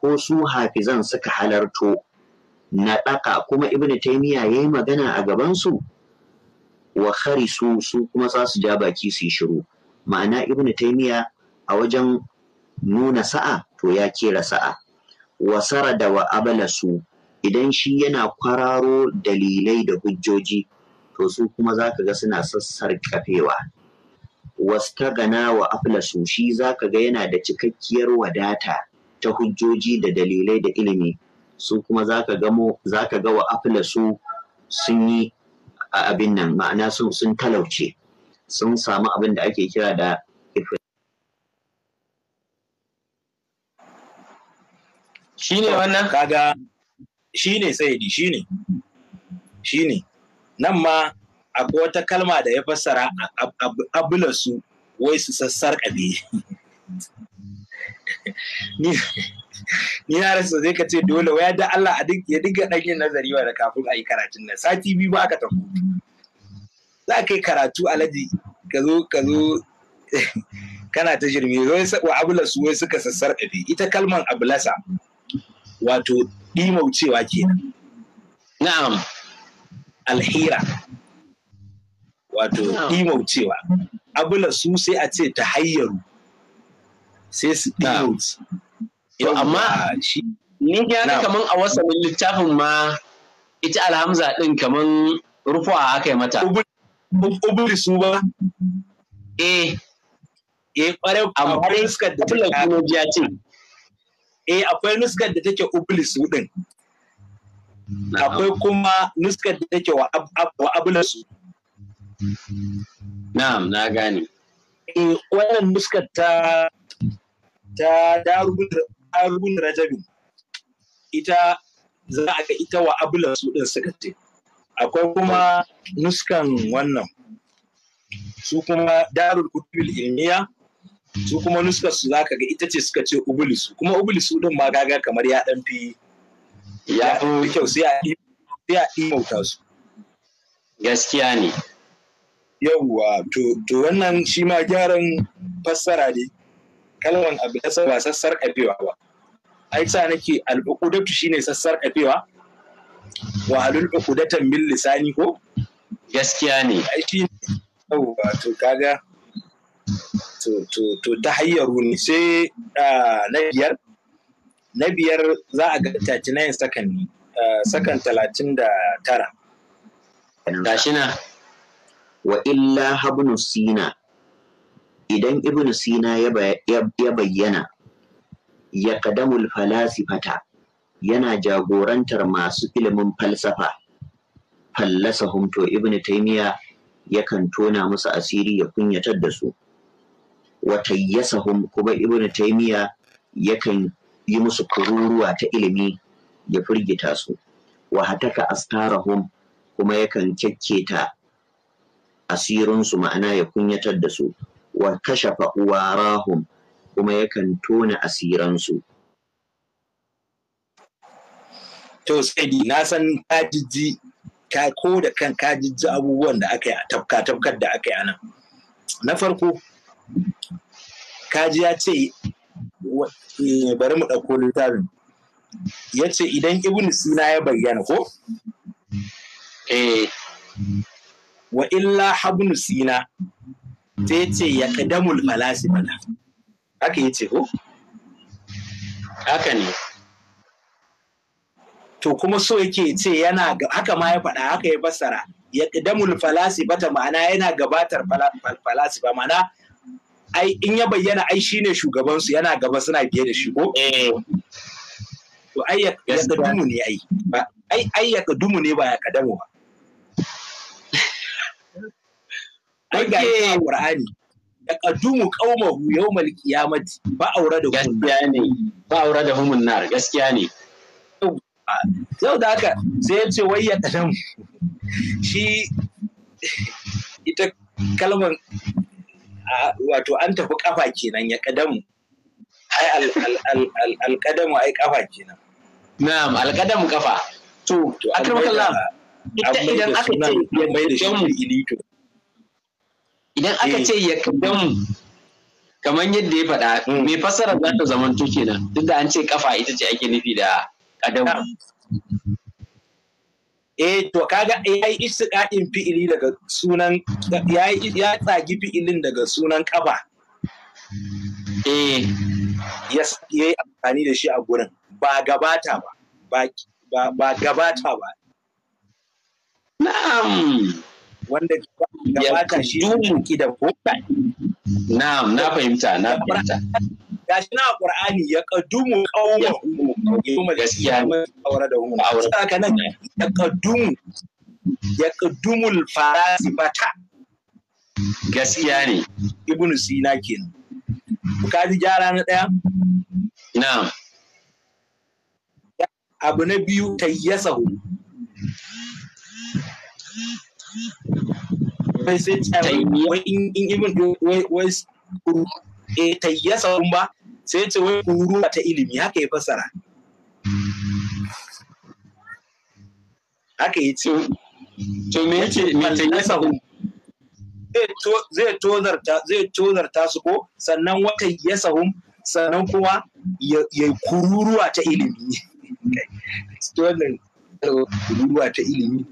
ko su hafizan suka halarto na ɗaka kuma taimiyya ya yi magana a gabansu wa kharisu su kuma za su ja baki su yi shiru ma'ana ibn taymiya a wajen nuna sa'a to ya kera sa'a wa sarada wa abalasu idan shi yana kwararo dalilai da hujjoji to su kuma za ka ga suna sassarƙafewa gana wa aflasu shi za ka ga yana da cikakkiyar wadata ta hujjoji da dalilai da ilimi su kuma za ka ga wa aflasu sun yi A abin nan ma'ana sun sun talauce sun samu abin da ake kira da shi ne wannan kaga shi ne sayidi shi ne shi ne nan ma akwai wata kalma da ya fassara abulasu wai su sassar ne ni na rasa zai ka ce dole wa da Allah ya diga ɗan yin nazari wa da kafin a yi karatun nan sati biyu ba aka tafi za ka yi karatu alaji ka zo ka zo kana ta shirme wa abulasu wai suka sassarƙafe ita kalman abulasa wato ɗimaucewa kenan na'am alhira wato ɗimaucewa abulasu sai a ce ta hayyaru sai su ɗimauce amma ni ni gyara kaman a wasannin littafin ma ita alhamza din kaman rufuwa aka yi mata ubuli su ba eh eh kware amma suka da ta ce eh akwai nuskar da take su din akwai kuma nuskar da take wa su. na'am na gane eh wannan nuskar ta ta darubul abun rajabin ita za a ga ita wa abulan su din suka ce akwai kuma nuskan wannan su kuma darul kutubil ilmiya su kuma nuskar su zaka ga ita ce suka ce ubulisu kuma ubulisu din ma gaga kamar ya dan fi ya fi kyau sai a ɗimauta su gaskiya ne yawwa to wannan shi ma gyaran fassara ne kalwan abu ta ba sassar ƙafewa ba ai sa nake shi shine sassar ƙafewa wa al'ukudatan uqudatan bil lisani ko gaskiya ne ai shi ne to kaga to to to ta hayyaru ne sai na biyar na biyar za a ga 39 sakan ne sakan 39 gashi wa illa habnu sina idan ibn sina ya bayyana ya kadamul falasifata yana jagorantar masu ilimin falsafa fallasa humto ibn taimiya yakan tona musu asiri ya kunyatar da su watayyasahum kuma ibn taimiya yakan yi musu kururuwa ta ilimi ya firgita su wa hataka astarahum kuma yakan kyakketa asirinsu ma'ana ya kunyatar da su wa kashafa uwarahum kuma yakan tona asiransu. To sai na san kajiji ka ko da kan kajiji abubuwan da aka yi a tafka tafkar da aka yi anan. Na farko, kaji ya ce eh, bari mu ɗauko littafin. Ya ce idan Ibn Sina ya bayyana ko? Eh. Wa illa Habnu Sina sai ya ce ya kadamul falasifata haka ya ce ko oh, haka ne to kuma so yake ce yana haka ma ya faɗa haka ya fassara ya kadamul ta" ma'ana yana gabatar Falasi ba. ma'ana ai in ya bayyana ai shine shugabansu yana gaba suna biye da shi ko eh. to ai ya kadamu ne ai ai ya kadamu ne ba ya kadamu ba ai ga Qur'ani da qadumu qaumahu yawmal qiyamati ba aure da kun gaskiya ne ba aure da humun nar gaskiya ne yau da haka sai ya ce wai ya kadam shi ita kalmar wato an tafi kafa kenan ya kadamu ai alkadamu ai kafa kenan na'am alkadamu kafa to akramakallah ita idan aka ce ya mai shi ilito idan aka eh. ce ya kadan kamar yadda ya faɗa mai hmm. fassara za ta tuke nan, duk da an ce kafa ita ce ake nufi da kadan ah. eh to kaga yayi istiqa'in fi'ili daga sunan ya tsagi fi'ilin daga sunan kafa eh ya yi amfani da shi a gurin ba gabata ba ba ba gabata ba na'am wanda gabata shi ne da ko na na fahimta na fahimta gashi na qur'ani ya kadumu qadumu qawma gaskiya aure da umu saka nan ya kadumu ya kadumu farasi bata. gaskiya ne Ibn sina kenan ka ji jara na daya Na. abu na biyu tayyasahu wai sai ce wai in ibn wai eh tayyasa ba sai ce wai kuru ta ilimi haka ya fasara haka ya ce to me ya ce me tayyasa hum zai tozarta zai tozarta su ko sannan wata yasa hum sannan kuma ya kururuwa ta ilimi kururuwa ta ilimi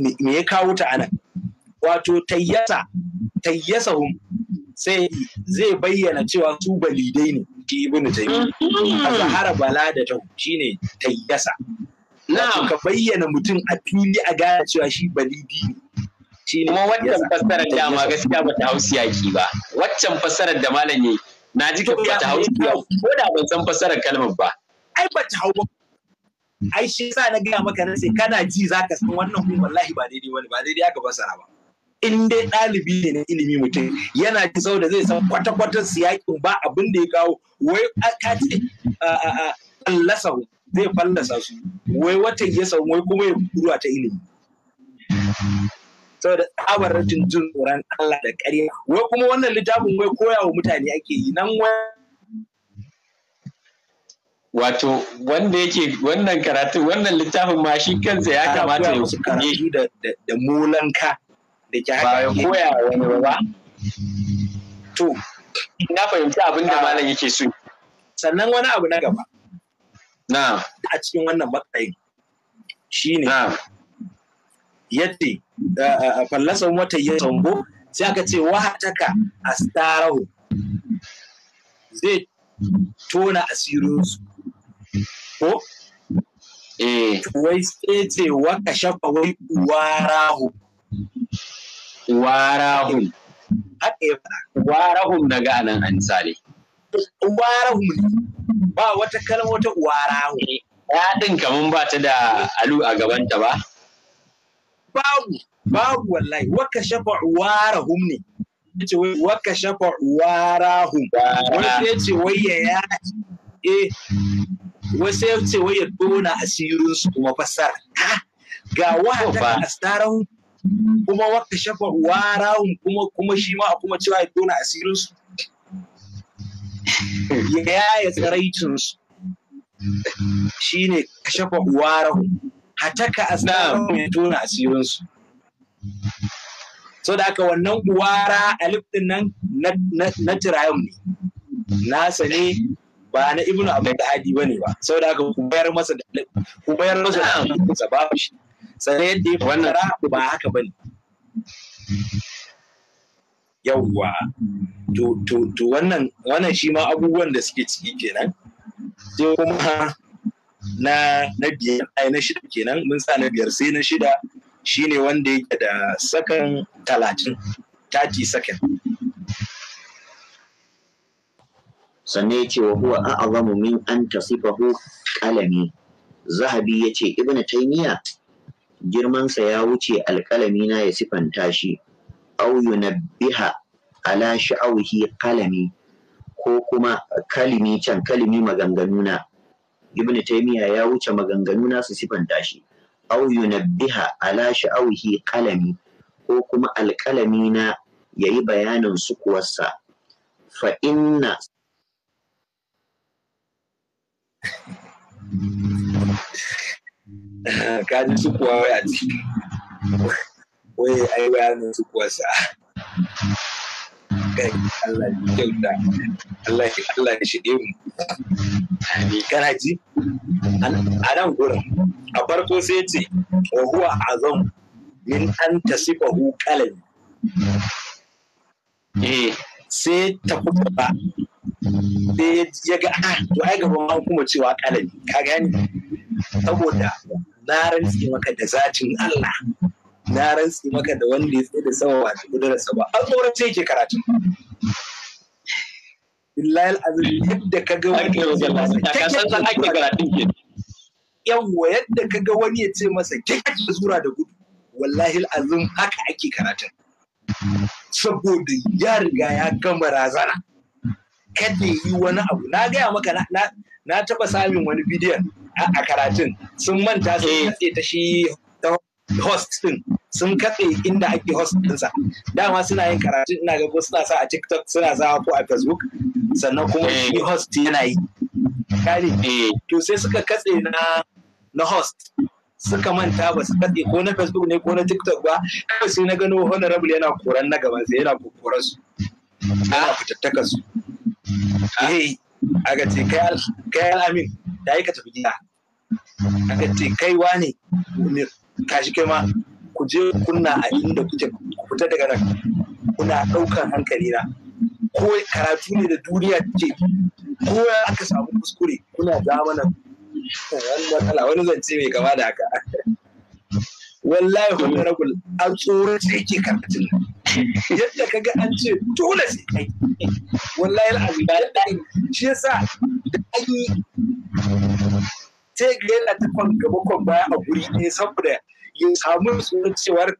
me ya kawo ta anan wato tayyasa tayyasa hum sai zai bayyana cewa su balidai ne ki ibn taymiya mm-hmm. Bala da ta shine tayyasa na ka bayyana mutum a fili a gane cewa shi balidi ne kuma fassara da ma gaskiya ba ta hausi yaki ba waccan fassarar da malam ne na ji ka ba ta hausi ko da ban san fassarar kalmar ba ai ba ta ba Mm. ai shi yasa na gaya maka na sai kana ji za ka san wannan kuma wallahi ba daidai wani ba daidai aka fasara ba in dai ɗalibi ne na ilimi mutum yana ji saboda zai san kwata-kwata yaƙin ba abin da ya kawo wai ka ce fallasa zai fallasa su wai wata ya sau wai kuma ya kuruwa ta ilimi saboda tsabar tsoron Allah da ƙarya wai kuma wannan littafin wai koya wa mutane ake yi nan wai wato wanda yake wannan karatu wannan littafin ma shi kansa ya kamata ya koye shi da da molanka da ke haka ya koya wani ba to na fahimci abin da malam yake so sannan wani abu na gaba na a cikin wannan matsayin shine na a fallasan wata ya tambo sai aka ce wahataka starahu zai tona asirinsu ko eh wai sai ce wa shafa wai warahu warahum haka ya fara warahum na ga an sare. warahum ba wata kalma wata warahum ya eh, din kaman ba ta da alu a gabanta ba babu babu wallahi wa shafa warahum ne yace wai wa kashafa warahum wani sai wai ya eh wasu ya ce wai ya tona asirin su kuma fasara ga a astarahum kuma wata shafa warahum kuma kuma shi ma kuma cewa ya tona asirin su ya ya tsaraicin su ne ka shafa warahum hataka astarahum ya tona asirin su so da aka wannan uwara alif liftin nan na tirayen ne nasa ne ba na ibnu da hadi ba sau haka ku bayar masa ku bayar masa da ba shi sanar yadda ya fara ba haka ba yawwa to to to wannan wannan shi ma abubuwan da suke ciki kenan sai kuma na na biyar ai na shida kenan mun sa na biyar sai na shida shine wanda yake da sakan talatin 30 sakan sannan ya ce wa huwa azamu min an tasifahu kalami zahabi ya ce ibn taymiya girmansa ya wuce alƙalami na ya sifanta shi au yunabbiha ala sha'awihi kalami ko kuma kalimi can kalimi maganganuna ibn taymiya ya wuce maganganuna su sifanta shi au yunabbiha ala sha'awihi kalami ko kuma alƙalami na yayi bayanin sukuwarsa fa inna ka ji su kuwa wai a ciki wai ai bayanin su kuwa sa kai Allah ya kyauta Allah ya Allah ya shige mu ni kana ji a nan gurin a farko sai ce wa huwa azam min an tasifahu qalami eh sai ta kuma ba sai ya ga a to ai gaban an kuma cewa kalan ka gani saboda na rantsi maka da zatin Allah na rantsi maka da wanda ya tsaye da sama ba ta kudurarsa sama an tsoron ce ke karatun billahi al'azim yadda ka ga wani ka ce masa ake karatun ke yawwa yadda ka ga wani ya ce masa ke zura da gudu wallahi al'azim haka ake karatun saboda ya riga ya gama razana kada yi wani abu na gaya maka na taba samun wani bidiyon a karatun sun manta sun eh. katse ta shi host din sun katse inda ake host dinsa dama suna yin karatun ina ga suna sa a tiktok suna sa ko a facebook sannan kuma eh. shi host yana yi kare eh. to sai suka katse na na host suka manta ba su katse ko na facebook ne ko na tiktok ba kawai sai na gano honorable yana koran na gaban sai yana kokoran su yana fitattakan su eh aga ce kai kai al'amin da ka tafi gida aga ce kai wani ne tashi kai ma ku je kunna a inda kuke fita daga nan kuna ɗaukan hankali na ko karatu ne da duniya ce ko aka samu kuskure kuna zamanin wani matsala wani zance mai kama da haka wallahi honorable an tsoron sai ke karatun yadda ka ga an ce dole sai kai wallahi al'adu ba yadda ne shi yasa da an yi sai ga yana ta gaba kwan baya a guri ne saboda ya samu tsoron cewar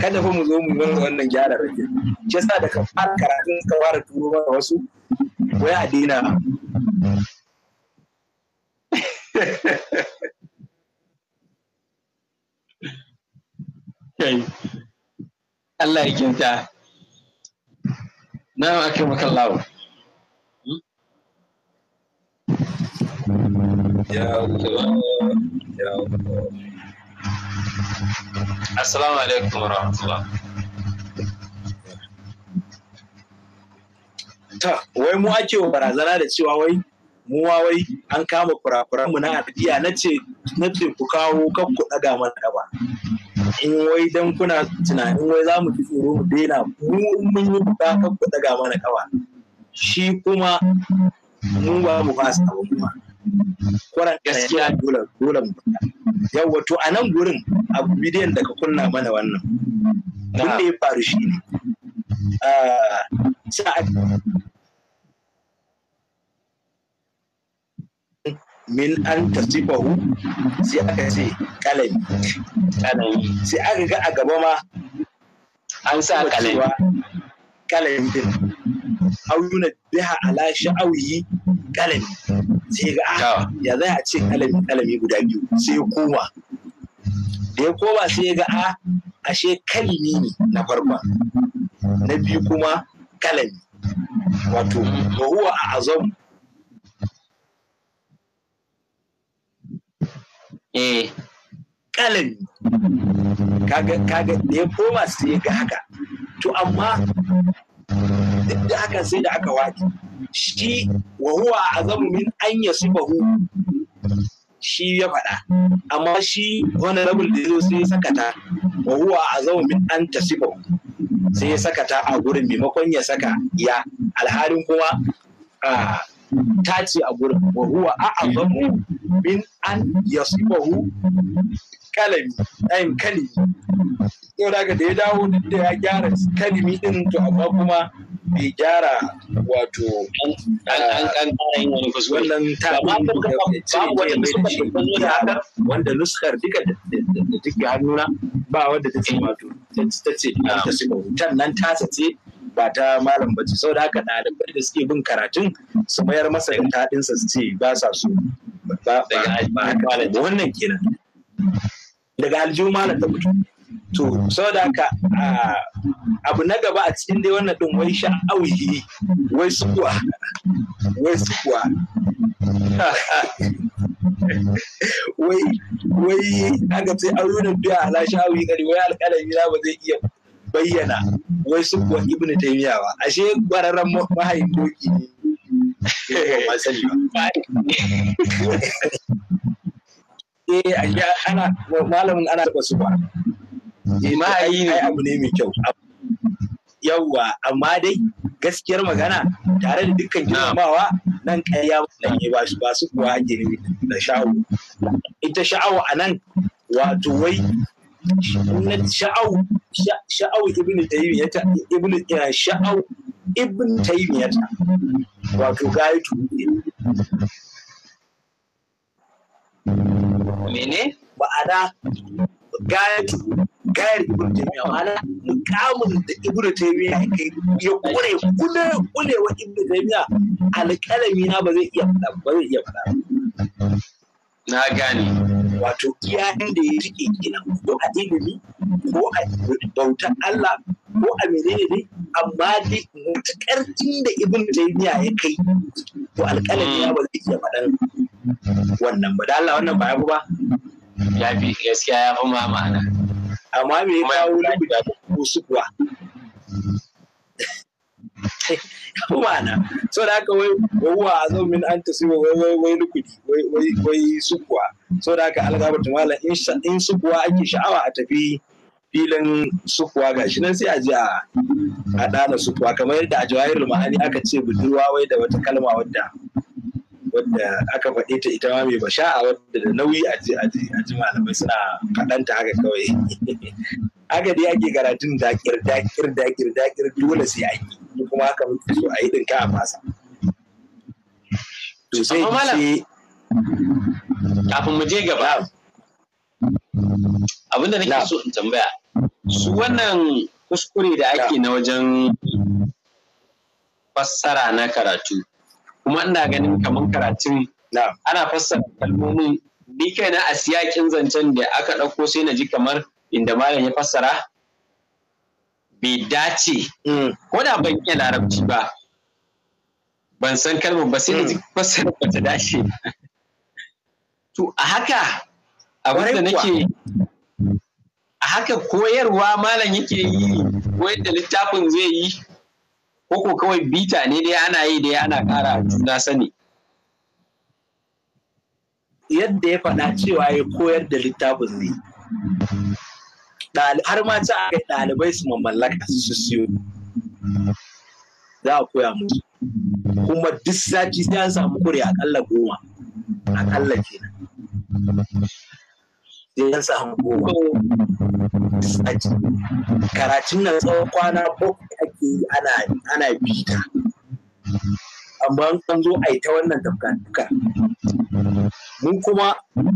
kada fa mu zo mu yi wannan gyara rage shi yasa da ka fara karatun ka fara turo maka wasu wai a daina Allah ya kinta. Na ake maka lawo. Assalamu alaikum warahmatullah. Ta, wai mu ake wa barazana da cewa wai mu wai an kama kurakuran mu na addiya na ce na ce ku kawo kan ku daga mana gaba in wai dan kuna tunanin wai za mu ji tsoro mu daina mu mun yi ba kan ku daga mana gaba shi kuma mu ba mu ba ba mu kuma kwaran gaskiya dole dole mu yau wato a nan gurin a bidiyon da ka kunna mana wannan abin da ya faru shi ne ah, min an tasifahu sai aka ce kalami sai aka ga a gaba ma an sa kalami kalami din auyuna biha ala sha'awihi kalami sai ga ah, a ya za a ce kalami kalami guda biyu sai ya koma da ya koma sai ya ga a ah, ashe kalimi ne na farko na biyu kuma kalami wato wa huwa a azamu eh kalin kaga kaga da ya koma sai ya ga haka to amma duk da haka sai da aka waki shi wa huwa azamu min an yasibahu shi ya faɗa amma shi honorable da zo sai sakata wa huwa azamu min an tasibahu sai ya sakata a gurin maimakon ya saka ya alhalin kuma ah, ta ce a gurin wa huwa a'azamu min an yasibahu kalami ayin kalimi yau daga da ya dawo duk da ya gyara kalimi din to amma kuma bai gyara wato an wani wannan ta wanda nuskar duka da hannuna ba wanda ta ce wato ta ce ta ce ta ce ba ta malam bace sau da haka ɗalibai da suke bin karatun su mayar masa in taɗinsa su ce ba sa so wannan kenan daga aljihu malam ta fito to sau da haka abu na gaba a cikin dai wannan ɗin wai sha'awihi wai sukuwa wai sukuwa wai wai aka sai an runa biya ala sha'awihi gari wai alƙalami na ba zai iya bayyana wai su kuwa mm. ibnu taymiya ba ashe bararran mahayin doki ne eh ashe ana malamin ana ba su ba mm. eh, mahayi ne abu ne mai kyau yawwa amma dai gaskiyar magana tare da dukkan girmamawa nan ƙarya nan yi ba su ba su kuwa ake da sha'awa ita sha'awa a nan wato wai na sha'au sha'au ibn taymiyata ibn sha'au ibn taymiyata wato gaitu mene ma'ana gaitu gayar ibn taymiya ma'ana mukamin da ibn taymiya ya kure kule kulewa ibn taymiya alƙalami na ba zai iya faɗa ba zai iya faɗa na gane wato iya inda ya rike gina ko a ilimi ko a bautan Allah ko a menene ne amma dai mutakar inda ibin taymiya ya kai ko alƙalami ya ba zai iya faɗan wannan ba da Allah wannan ba ya ba ya fi gaskiya ya fi ma ma'ana amma me ya kawo lubu da kusuwa mana so da haka wai wuwa a zo min an ta wai wai wai wai sukuwa so da haka algabar malam in sukuwa ake sha'awa a tafi filin sukuwa ga shi nan sai a ji a ɗana sukuwa kamar yadda a jawahirul ma'ani aka ce budurwa wai da wata kalma wadda aka faɗe ta ita ma mai basha'a wadda da nauyi a ji malamai suna faɗanta haka kawai haka dai ake karatun dakir dakir dakir dakir dole sai an yi kuma haka muke so a yi dinka a fasa to sai ce kafin mu je gaba abinda nake so in tambaya su wannan kuskure da ake na wajen fassara na karatu kuma ina ganin kamar karatun ana fassara kalmomin ni kaina a siyakin zancen da aka ɗauko sai na ji kamar inda malam ya fassara bai dace mm. ko da ban iya larabci ba ban san kalmar ba sai da mm. fassara ba ta dace to a haka abin da nake a haka koyarwa malam yake yi koyar da littafin zai yi ko ko kawai bita ne dai ana yi dai ana kara juna sani yadda ya faɗa cewa ya koyar da littafin zai har ma ci a kai ɗalibai su mamallaka su siyo za a koya musu kuma duk sati sai an samu kuri akalla goma akalla kenan sai an samu goma sati karatun nan tsawon kwana bakwai ake yi ana bita amma an zo a yi ta wannan tafka mun kuma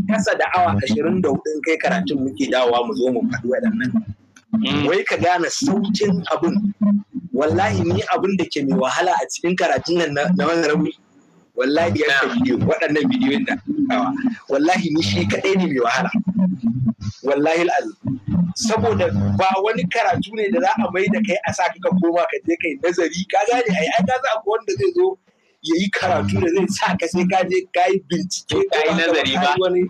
kasa da awa ashirin da hudun kai karatun muke dawowa mu zo mu faɗi waɗannan mm. wai ka gane saukin abin wallahi ni abin da ke mai wahala a cikin karatun nan na wannan wallahi ya ka bidiyo waɗannan bidiyoyin da kawa wallahi ni shi kaɗai ne mai wahala wallahi al'azim saboda ba wani karatu ne da za a mai da kai a sa ka koma ka je kai nazari ka gane ai ai ka za wanda zai zo ya yi karatu da zai sa ka sai ka je ka yi bincike ka yi nazari ba wani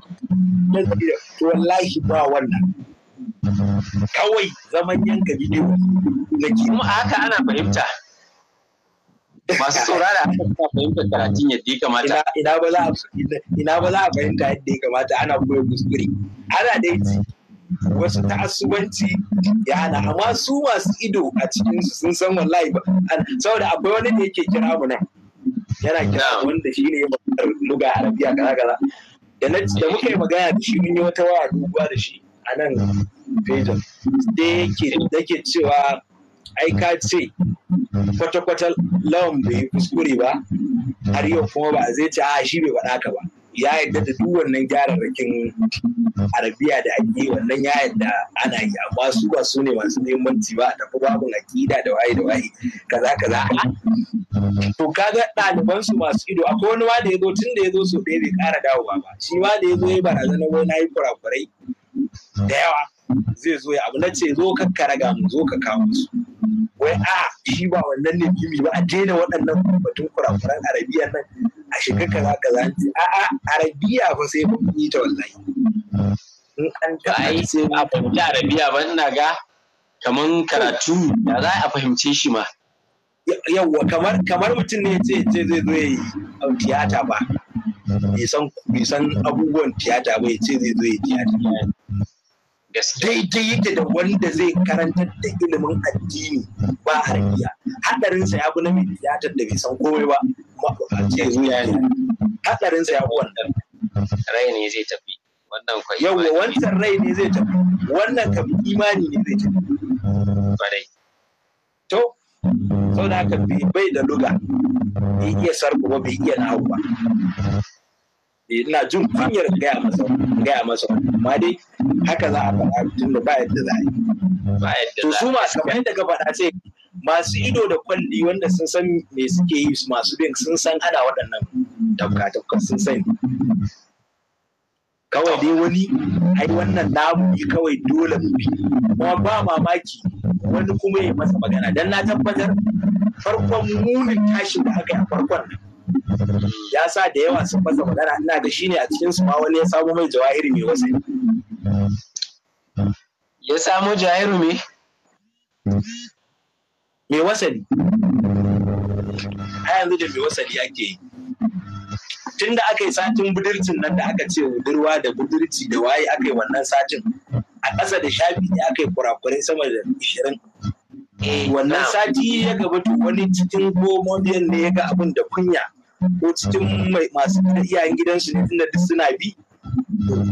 wallahi ba wannan kawai zaman yanka ne, da ki kuma haka ana fahimta masu saurara haka fahimta karatun yadda ya kamata ina ba za a fahimta yadda ya kamata ana koyo kuskure ana dai wasu ta'assubanci ya hana amma su masu ido a cikin su sun san wallahi ba saboda akwai wani da yake kira mu nan yana kira wanda shi ne luga arabiya kana kana da muka yi magana da shi mun yi wata waya duguwa da shi a nan fejan da yake cewa ai ka ce kwata-kwata lawan bai yi kuskure ba har yau kuma ba zai ce a shi bai faɗa ka ba ya yadda da duk wannan gyararrakin arabiya da ake wannan ya yadda ana yi amma su ba su ne masu muhimmanci ba a tafi babin akida da waye da waye kaza kaza to kaga ɗaliban su masu ido akwai wani ma da ya zo tun da ya zo so bai ƙara dawowa ba shi ma da ya zo ya barazana wai na yi kurakurai da yawa zai zo ya abu na ce zo ka karaga mu zo ka kawo su wai a shi ba wannan ne ba a daina waɗannan batun kurakuran arabiyan nan a shiga kaza kaza a'a arabiya fa sai mun yi ta wallahi in an ta ai a fahimci arabiya ba ina ga kaman karatu da za a fahimce shi ma yawwa kamar kamar mutum ne ce ce zai zo yi tiyata ba bai san abubuwan tiyata ba ya ce zai zo yi tiyata daidai yake da wanda zai karanta da ilimin addini ba harbiya hadarinsa ya fi na mai tiyatar da bai san komai ba ce zuya ne hadarinsa ya fi wannan rai ne zai tafi wannan kwa yau wancan rai ne zai tafi wannan kam imani ne zai tafi kwarai to sau da haka bai da luga bai iya sarko ba bai iya nahu ba Eh, ina jin kunyar gaya masa gaya masa amma dai haka za a faɗa tun da ba yadda za a yi to su masu kamar yadda ka faɗa ce? masu ido da kwalli wanda sun san me suke yi masu bin sun san ana waɗannan tafka tafka sun san kawai dai wani ai wannan namu kawai dole mu bi kuma ba mamaki wani kuma ya masa magana dan na tabbatar farkon munin tashi da aka yi farkon ya sa da yawa sun fasa magana ina ga shine a cikin su ma wani ya samu mai jawahiri mai wasu ya samu jawahiri me mai wasali a yanzu da mai wasali ake yi tun da aka yi satin budurcin nan da aka ce budurwa da budurci da waye aka yi wannan satin a ƙasa da shafi ne aka yi kurakurai sama da ishirin eh, wannan sati ya gaba wani cikin gomobiyan ne ya ga abin da kunya ko cikin masu iyayen gidansu ne tunda duk suna bi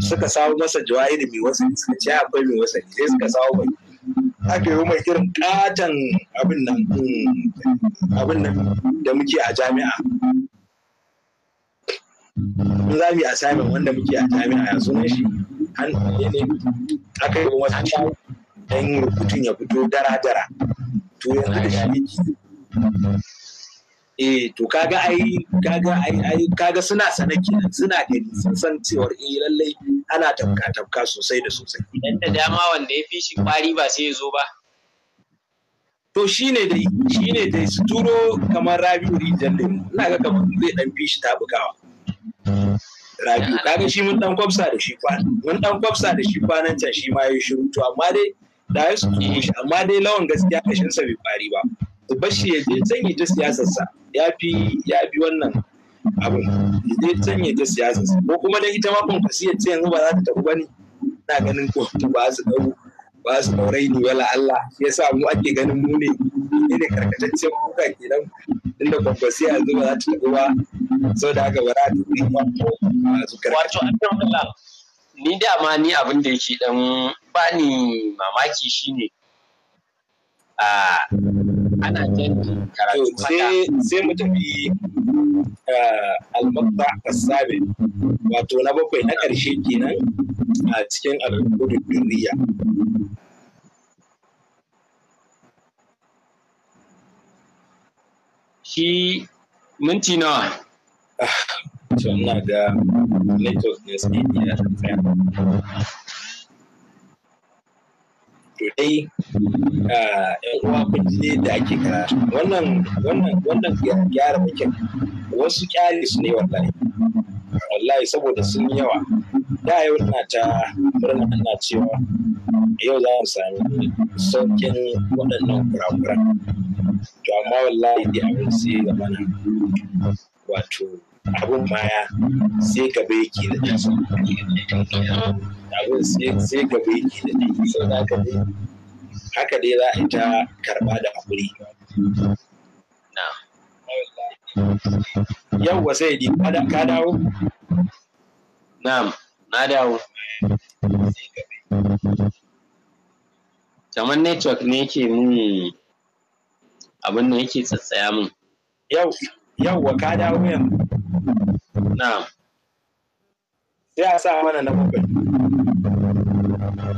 suka samu masa da mai wasu suka ce akwai mai wasu sai suka samu mai aka yi mai irin katon abin nan mm, abin nan da muke a jami'a in za mu yi assignment wanda muke a jami'a ya sunan shi an ne aka yi shi dan rubutun ya fito dara-dara to yanzu da shi eh to kaga ai kaga ai ai kaga suna sana kenan suna gani sun san cewar eh lallai ana tafka tafka sosai da sosai idan da dama wanda ya fi shi kwari ba sai ya zo ba to shine dai shine dai su turo kamar rabi Rijal jalle ina ga kamar zai dan fi shi tabukawa Rabi'u kaga shi mun dan kwafsa da shi kwana mun dan kwafsa da shi kwanan can shi ma ya shiru to amma dai da ya su amma dai lawan gaskiya kashin sa bai kwari ba bashi ya je can ya ta siyasarsa ya fi ya fi wannan abu ya je can ya ta siyasarsa ko kuma dan ita ma kwankwasiyar ce yanzu ba za ta tafi ba ne na ganin ko ba su ɗau ba su ɗaurai ni wala Allah ya sa mu ake ganin mu ne ne ne karkataccen kuka kenan inda kwakwasi yanzu ba za ta tafi ba sau da haka wara ta yi ko su karkata. Wato alhamdulillah ni dama ni abin da yake dan bani mamaki shine a ah, ana canji karatu sai mu tafi eh, almakta asabi wato na bakwai na ƙarshe kenan a cikin al'udu duniya shi minti nawa ah, to na ga network ne sai ya tsaya wato dai ah, yan uwa kun da ake karatu wannan wannan wannan gyara mukin wasu kyale su ne wallahi wallahi saboda sun yawa da yau na ta murna ana cewa yau za mu sami saukin waɗannan kurakuran to amma wallahi da abin sai ga mana wato abun baya sai gaba yake da ɗansa abun sai gaba yake da ɗansa za ka dai haka dai za a yi ta karɓa da haƙuri yawwa sai di ka dawo na'am na dawo kamar network ne yake mun abin da yake tsatsaya mun wa ka dawo yanzu sai a sa mana na bakwai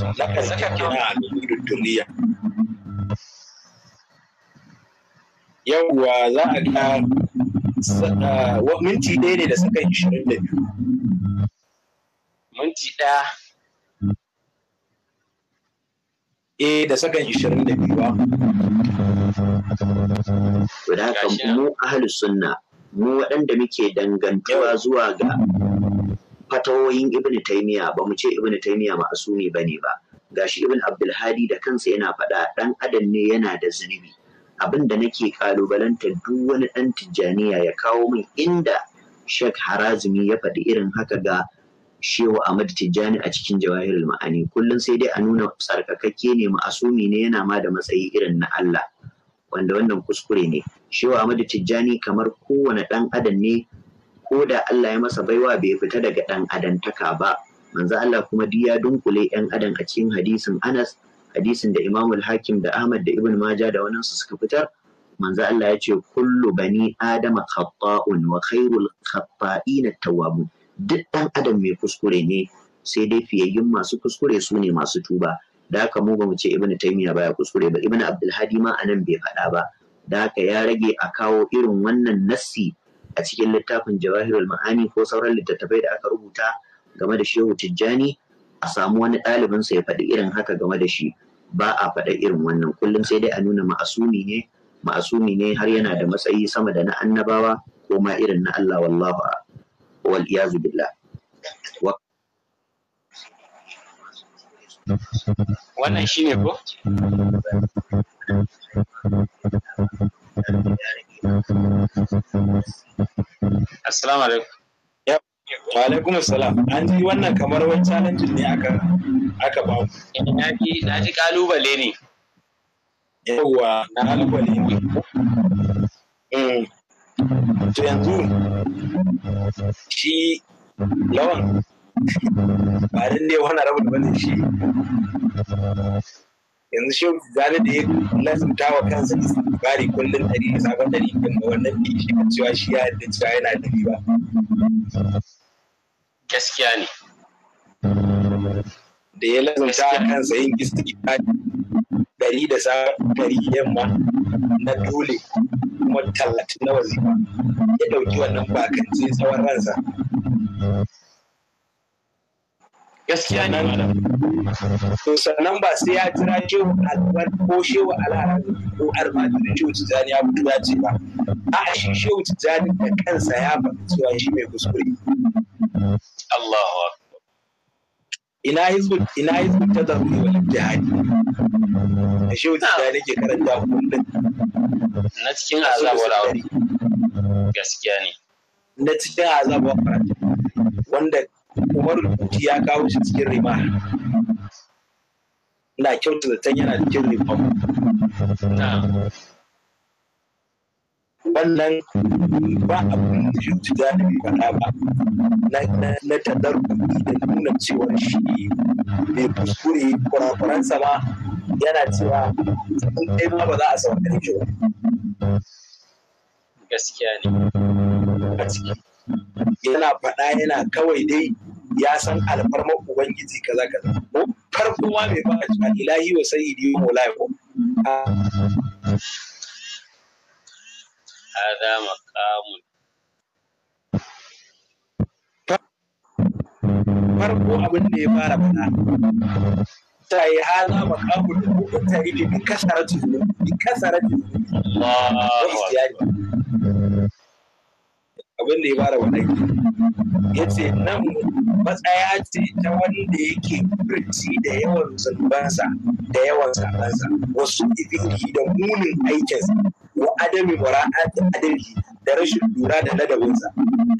na a nuna duniya yawwa za a ga minti ɗaya ne da suka ishirin da biyu minti ɗaya E, da sakan ishirin da biyu ba. Da haka mu ahalus sunna mu waɗanda muke dangantawa zuwa ga fatawoyin ibn taymiya ba mu ce ibn taymiya ma'asumi bane ba gashi ibn abdulhadi da kansa yana faɗa Dan adam ne yana da zunubi abin da nake kalubalanta duk wani dan tijjaniya ya kawo min inda Sheikh Harazimi ya faɗi irin haka ga Shehu Ahmad Tijjani a cikin Jawahirul Ma'ani kullum sai dai a nuna tsarkakakke ne ma'asumi ne yana ma da matsayi irin na Allah wanda wannan kuskure ne shehu Ahmadu Tijjani kamar kowane ɗan adam ne ko da Allah ya masa baiwa bai fita daga ɗan adantaka ba manzo Allah kuma duk ya dunkule ɗan adam a cikin hadisin Anas hadisin da Imam Hakim da Ahmad da Ibn Majah da wannan su suka fitar manzo Allah ya ce kullu bani adama khata'un wa khairul at tawwabun duk ɗan adam mai kuskure ne sai dai fiyayyun masu kuskure su ne masu tuba da haka mu bamu ce ibnu taymiya baya kuskure ba ibnu abdulhadi ma anan bai faɗa ba da haka ya rage a kawo irin wannan nassi a cikin littafin jawahirul ma'ani ko sauran littattafai da aka rubuta game da shehu tijjani a samu wani ɗalibin sa ya faɗi irin haka game da shi ba a faɗa irin wannan kullum sai dai a nuna ma'asumi ne ma'asumi ne har yana da matsayi sama da na annabawa ko ma irin na Allah wallahu wal iyazu billah wannan shi ne ko? Assalamu alaikum. Wa alaikum assalam. An ji wannan kamar wani challenge ne aka aka ba ku. Na ji na ji kalubale ne. Yawwa, na kalubale ne. Mm. To yanzu shi lawan ba dan ne wani rabu da bane shi yanzu shi zane da ya lazumta wa kansa bari kullum da sabon dari kan ga wannan bi shi cewa shi ya yadda cewa yana da ba gaskiya ne da ya lazumta wa kansa yin istighfari dari da sabon dari yamma na dole kuma talatin na wazifa ya ɗauki wannan bakance tsawon ransa gaskiya ne to sannan ba sai ya jira shehu alwar ko shehu alharar ko da shehu tijjani ya mutu ya ce ba a shi shehu tijjani da kansa ya faɗi cewa shi mai kuskure Allahu ina hizbul ina hizbul tadarruri wal ijtihadi shehu tijjani ke karanta kullum na cikin azabar aure gaskiya ne na cikin azabar wanda umar rubuti ya kawo shi cikin rima. na kyautu da yana cikin riba wannan ba a da yuji da bai faɗa ba na tadar kuɗi da nuna cewar shi mai kuskure kurakuransa sama yana cewa in kai ma ba za a saurare shi ba gaskiya ne a cikin yana faɗa yana kawai dai ya san alfarmar ubangiji kaza kaza ko farko ma mai ba a ilahi wa sai idiyo mu ko hada makamun farko abin da ya fara faɗa ta yi hada makamun da kuka ta yi bi kasaratu bi kasaratu Allahu abin da ya wani aiki ya ce nan matsaya ce ta wanda yake furci da yawan zunubansa da yawan sabansa wasu ibiki da munin aikinsa wa adami da adalci da rashin lura da ladabinsa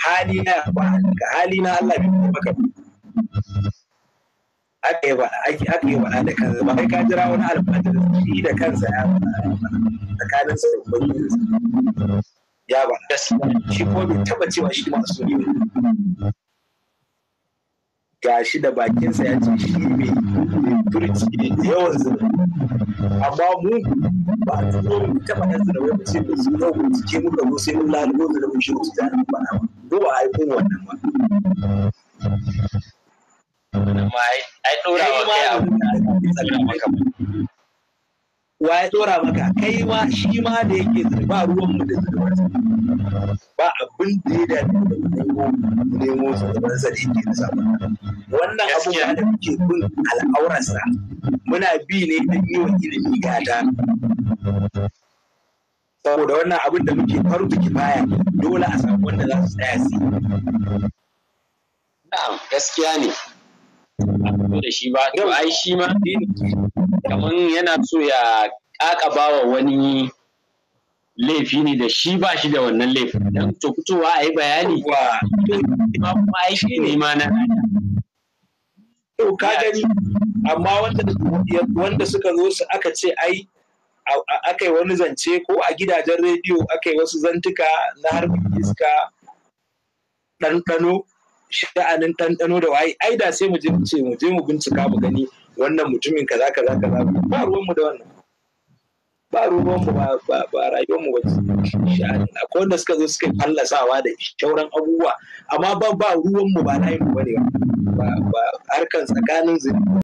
hali na ba ga hali na Allah bai maka aka yi ba. ake aka yi bana da kansa ba kai ka jira wani alfata da shi da kansa ya bana tsakanin sa da ya ba su shi ko bai taba cewa shi masu ne ga shi da bakinsa ya ce shi mai turci ne da yawan zina amma mu ba a tsoro mu taba yan zina wai ce da su yau mu cike muka sai mun lalubo da mun shigo su da nan ba ko ba ai ko wannan ba ai dora wa kai abu da wa ya dora maka kai ma shi ma da yake zuba ruwan mu da zuba ba abin da ya dace da nemo nemo su zuban sa da yake nisa wannan abubuwa da muke bin al'aurarsa muna bi ne dan yi wa ilimi gata saboda wannan abin da muke farko kifaya dole a samu wanda za su tsaya su na'am gaskiya ne da shi ba to ai shi ma addini kamar yana so ya ƙaƙabawa bawa wani laifi ne da shi ba shi da wannan laifin dan to fitowa a yi bayani wa ma kuma aiki ne ma na to ka gani amma wanda wanda suka zo su aka ce ai aka yi wani zance ko a gidajen rediyo aka yi wasu zantuka na harbin iska ɗanɗano sha'anin ɗanɗano da waye ai da sai mu je mu ce mu je mu bincika mu gani wannan mutumin kaza kaza kaza ba ruwanmu da wannan ba ruwanmu ba ba ba rayuwarmu ba sha'anin akwai wanda suka zo suka fallasawa da shauran abubuwa amma ba ba ruwanmu ba layin mu bane ba ba harkan tsakanin zuri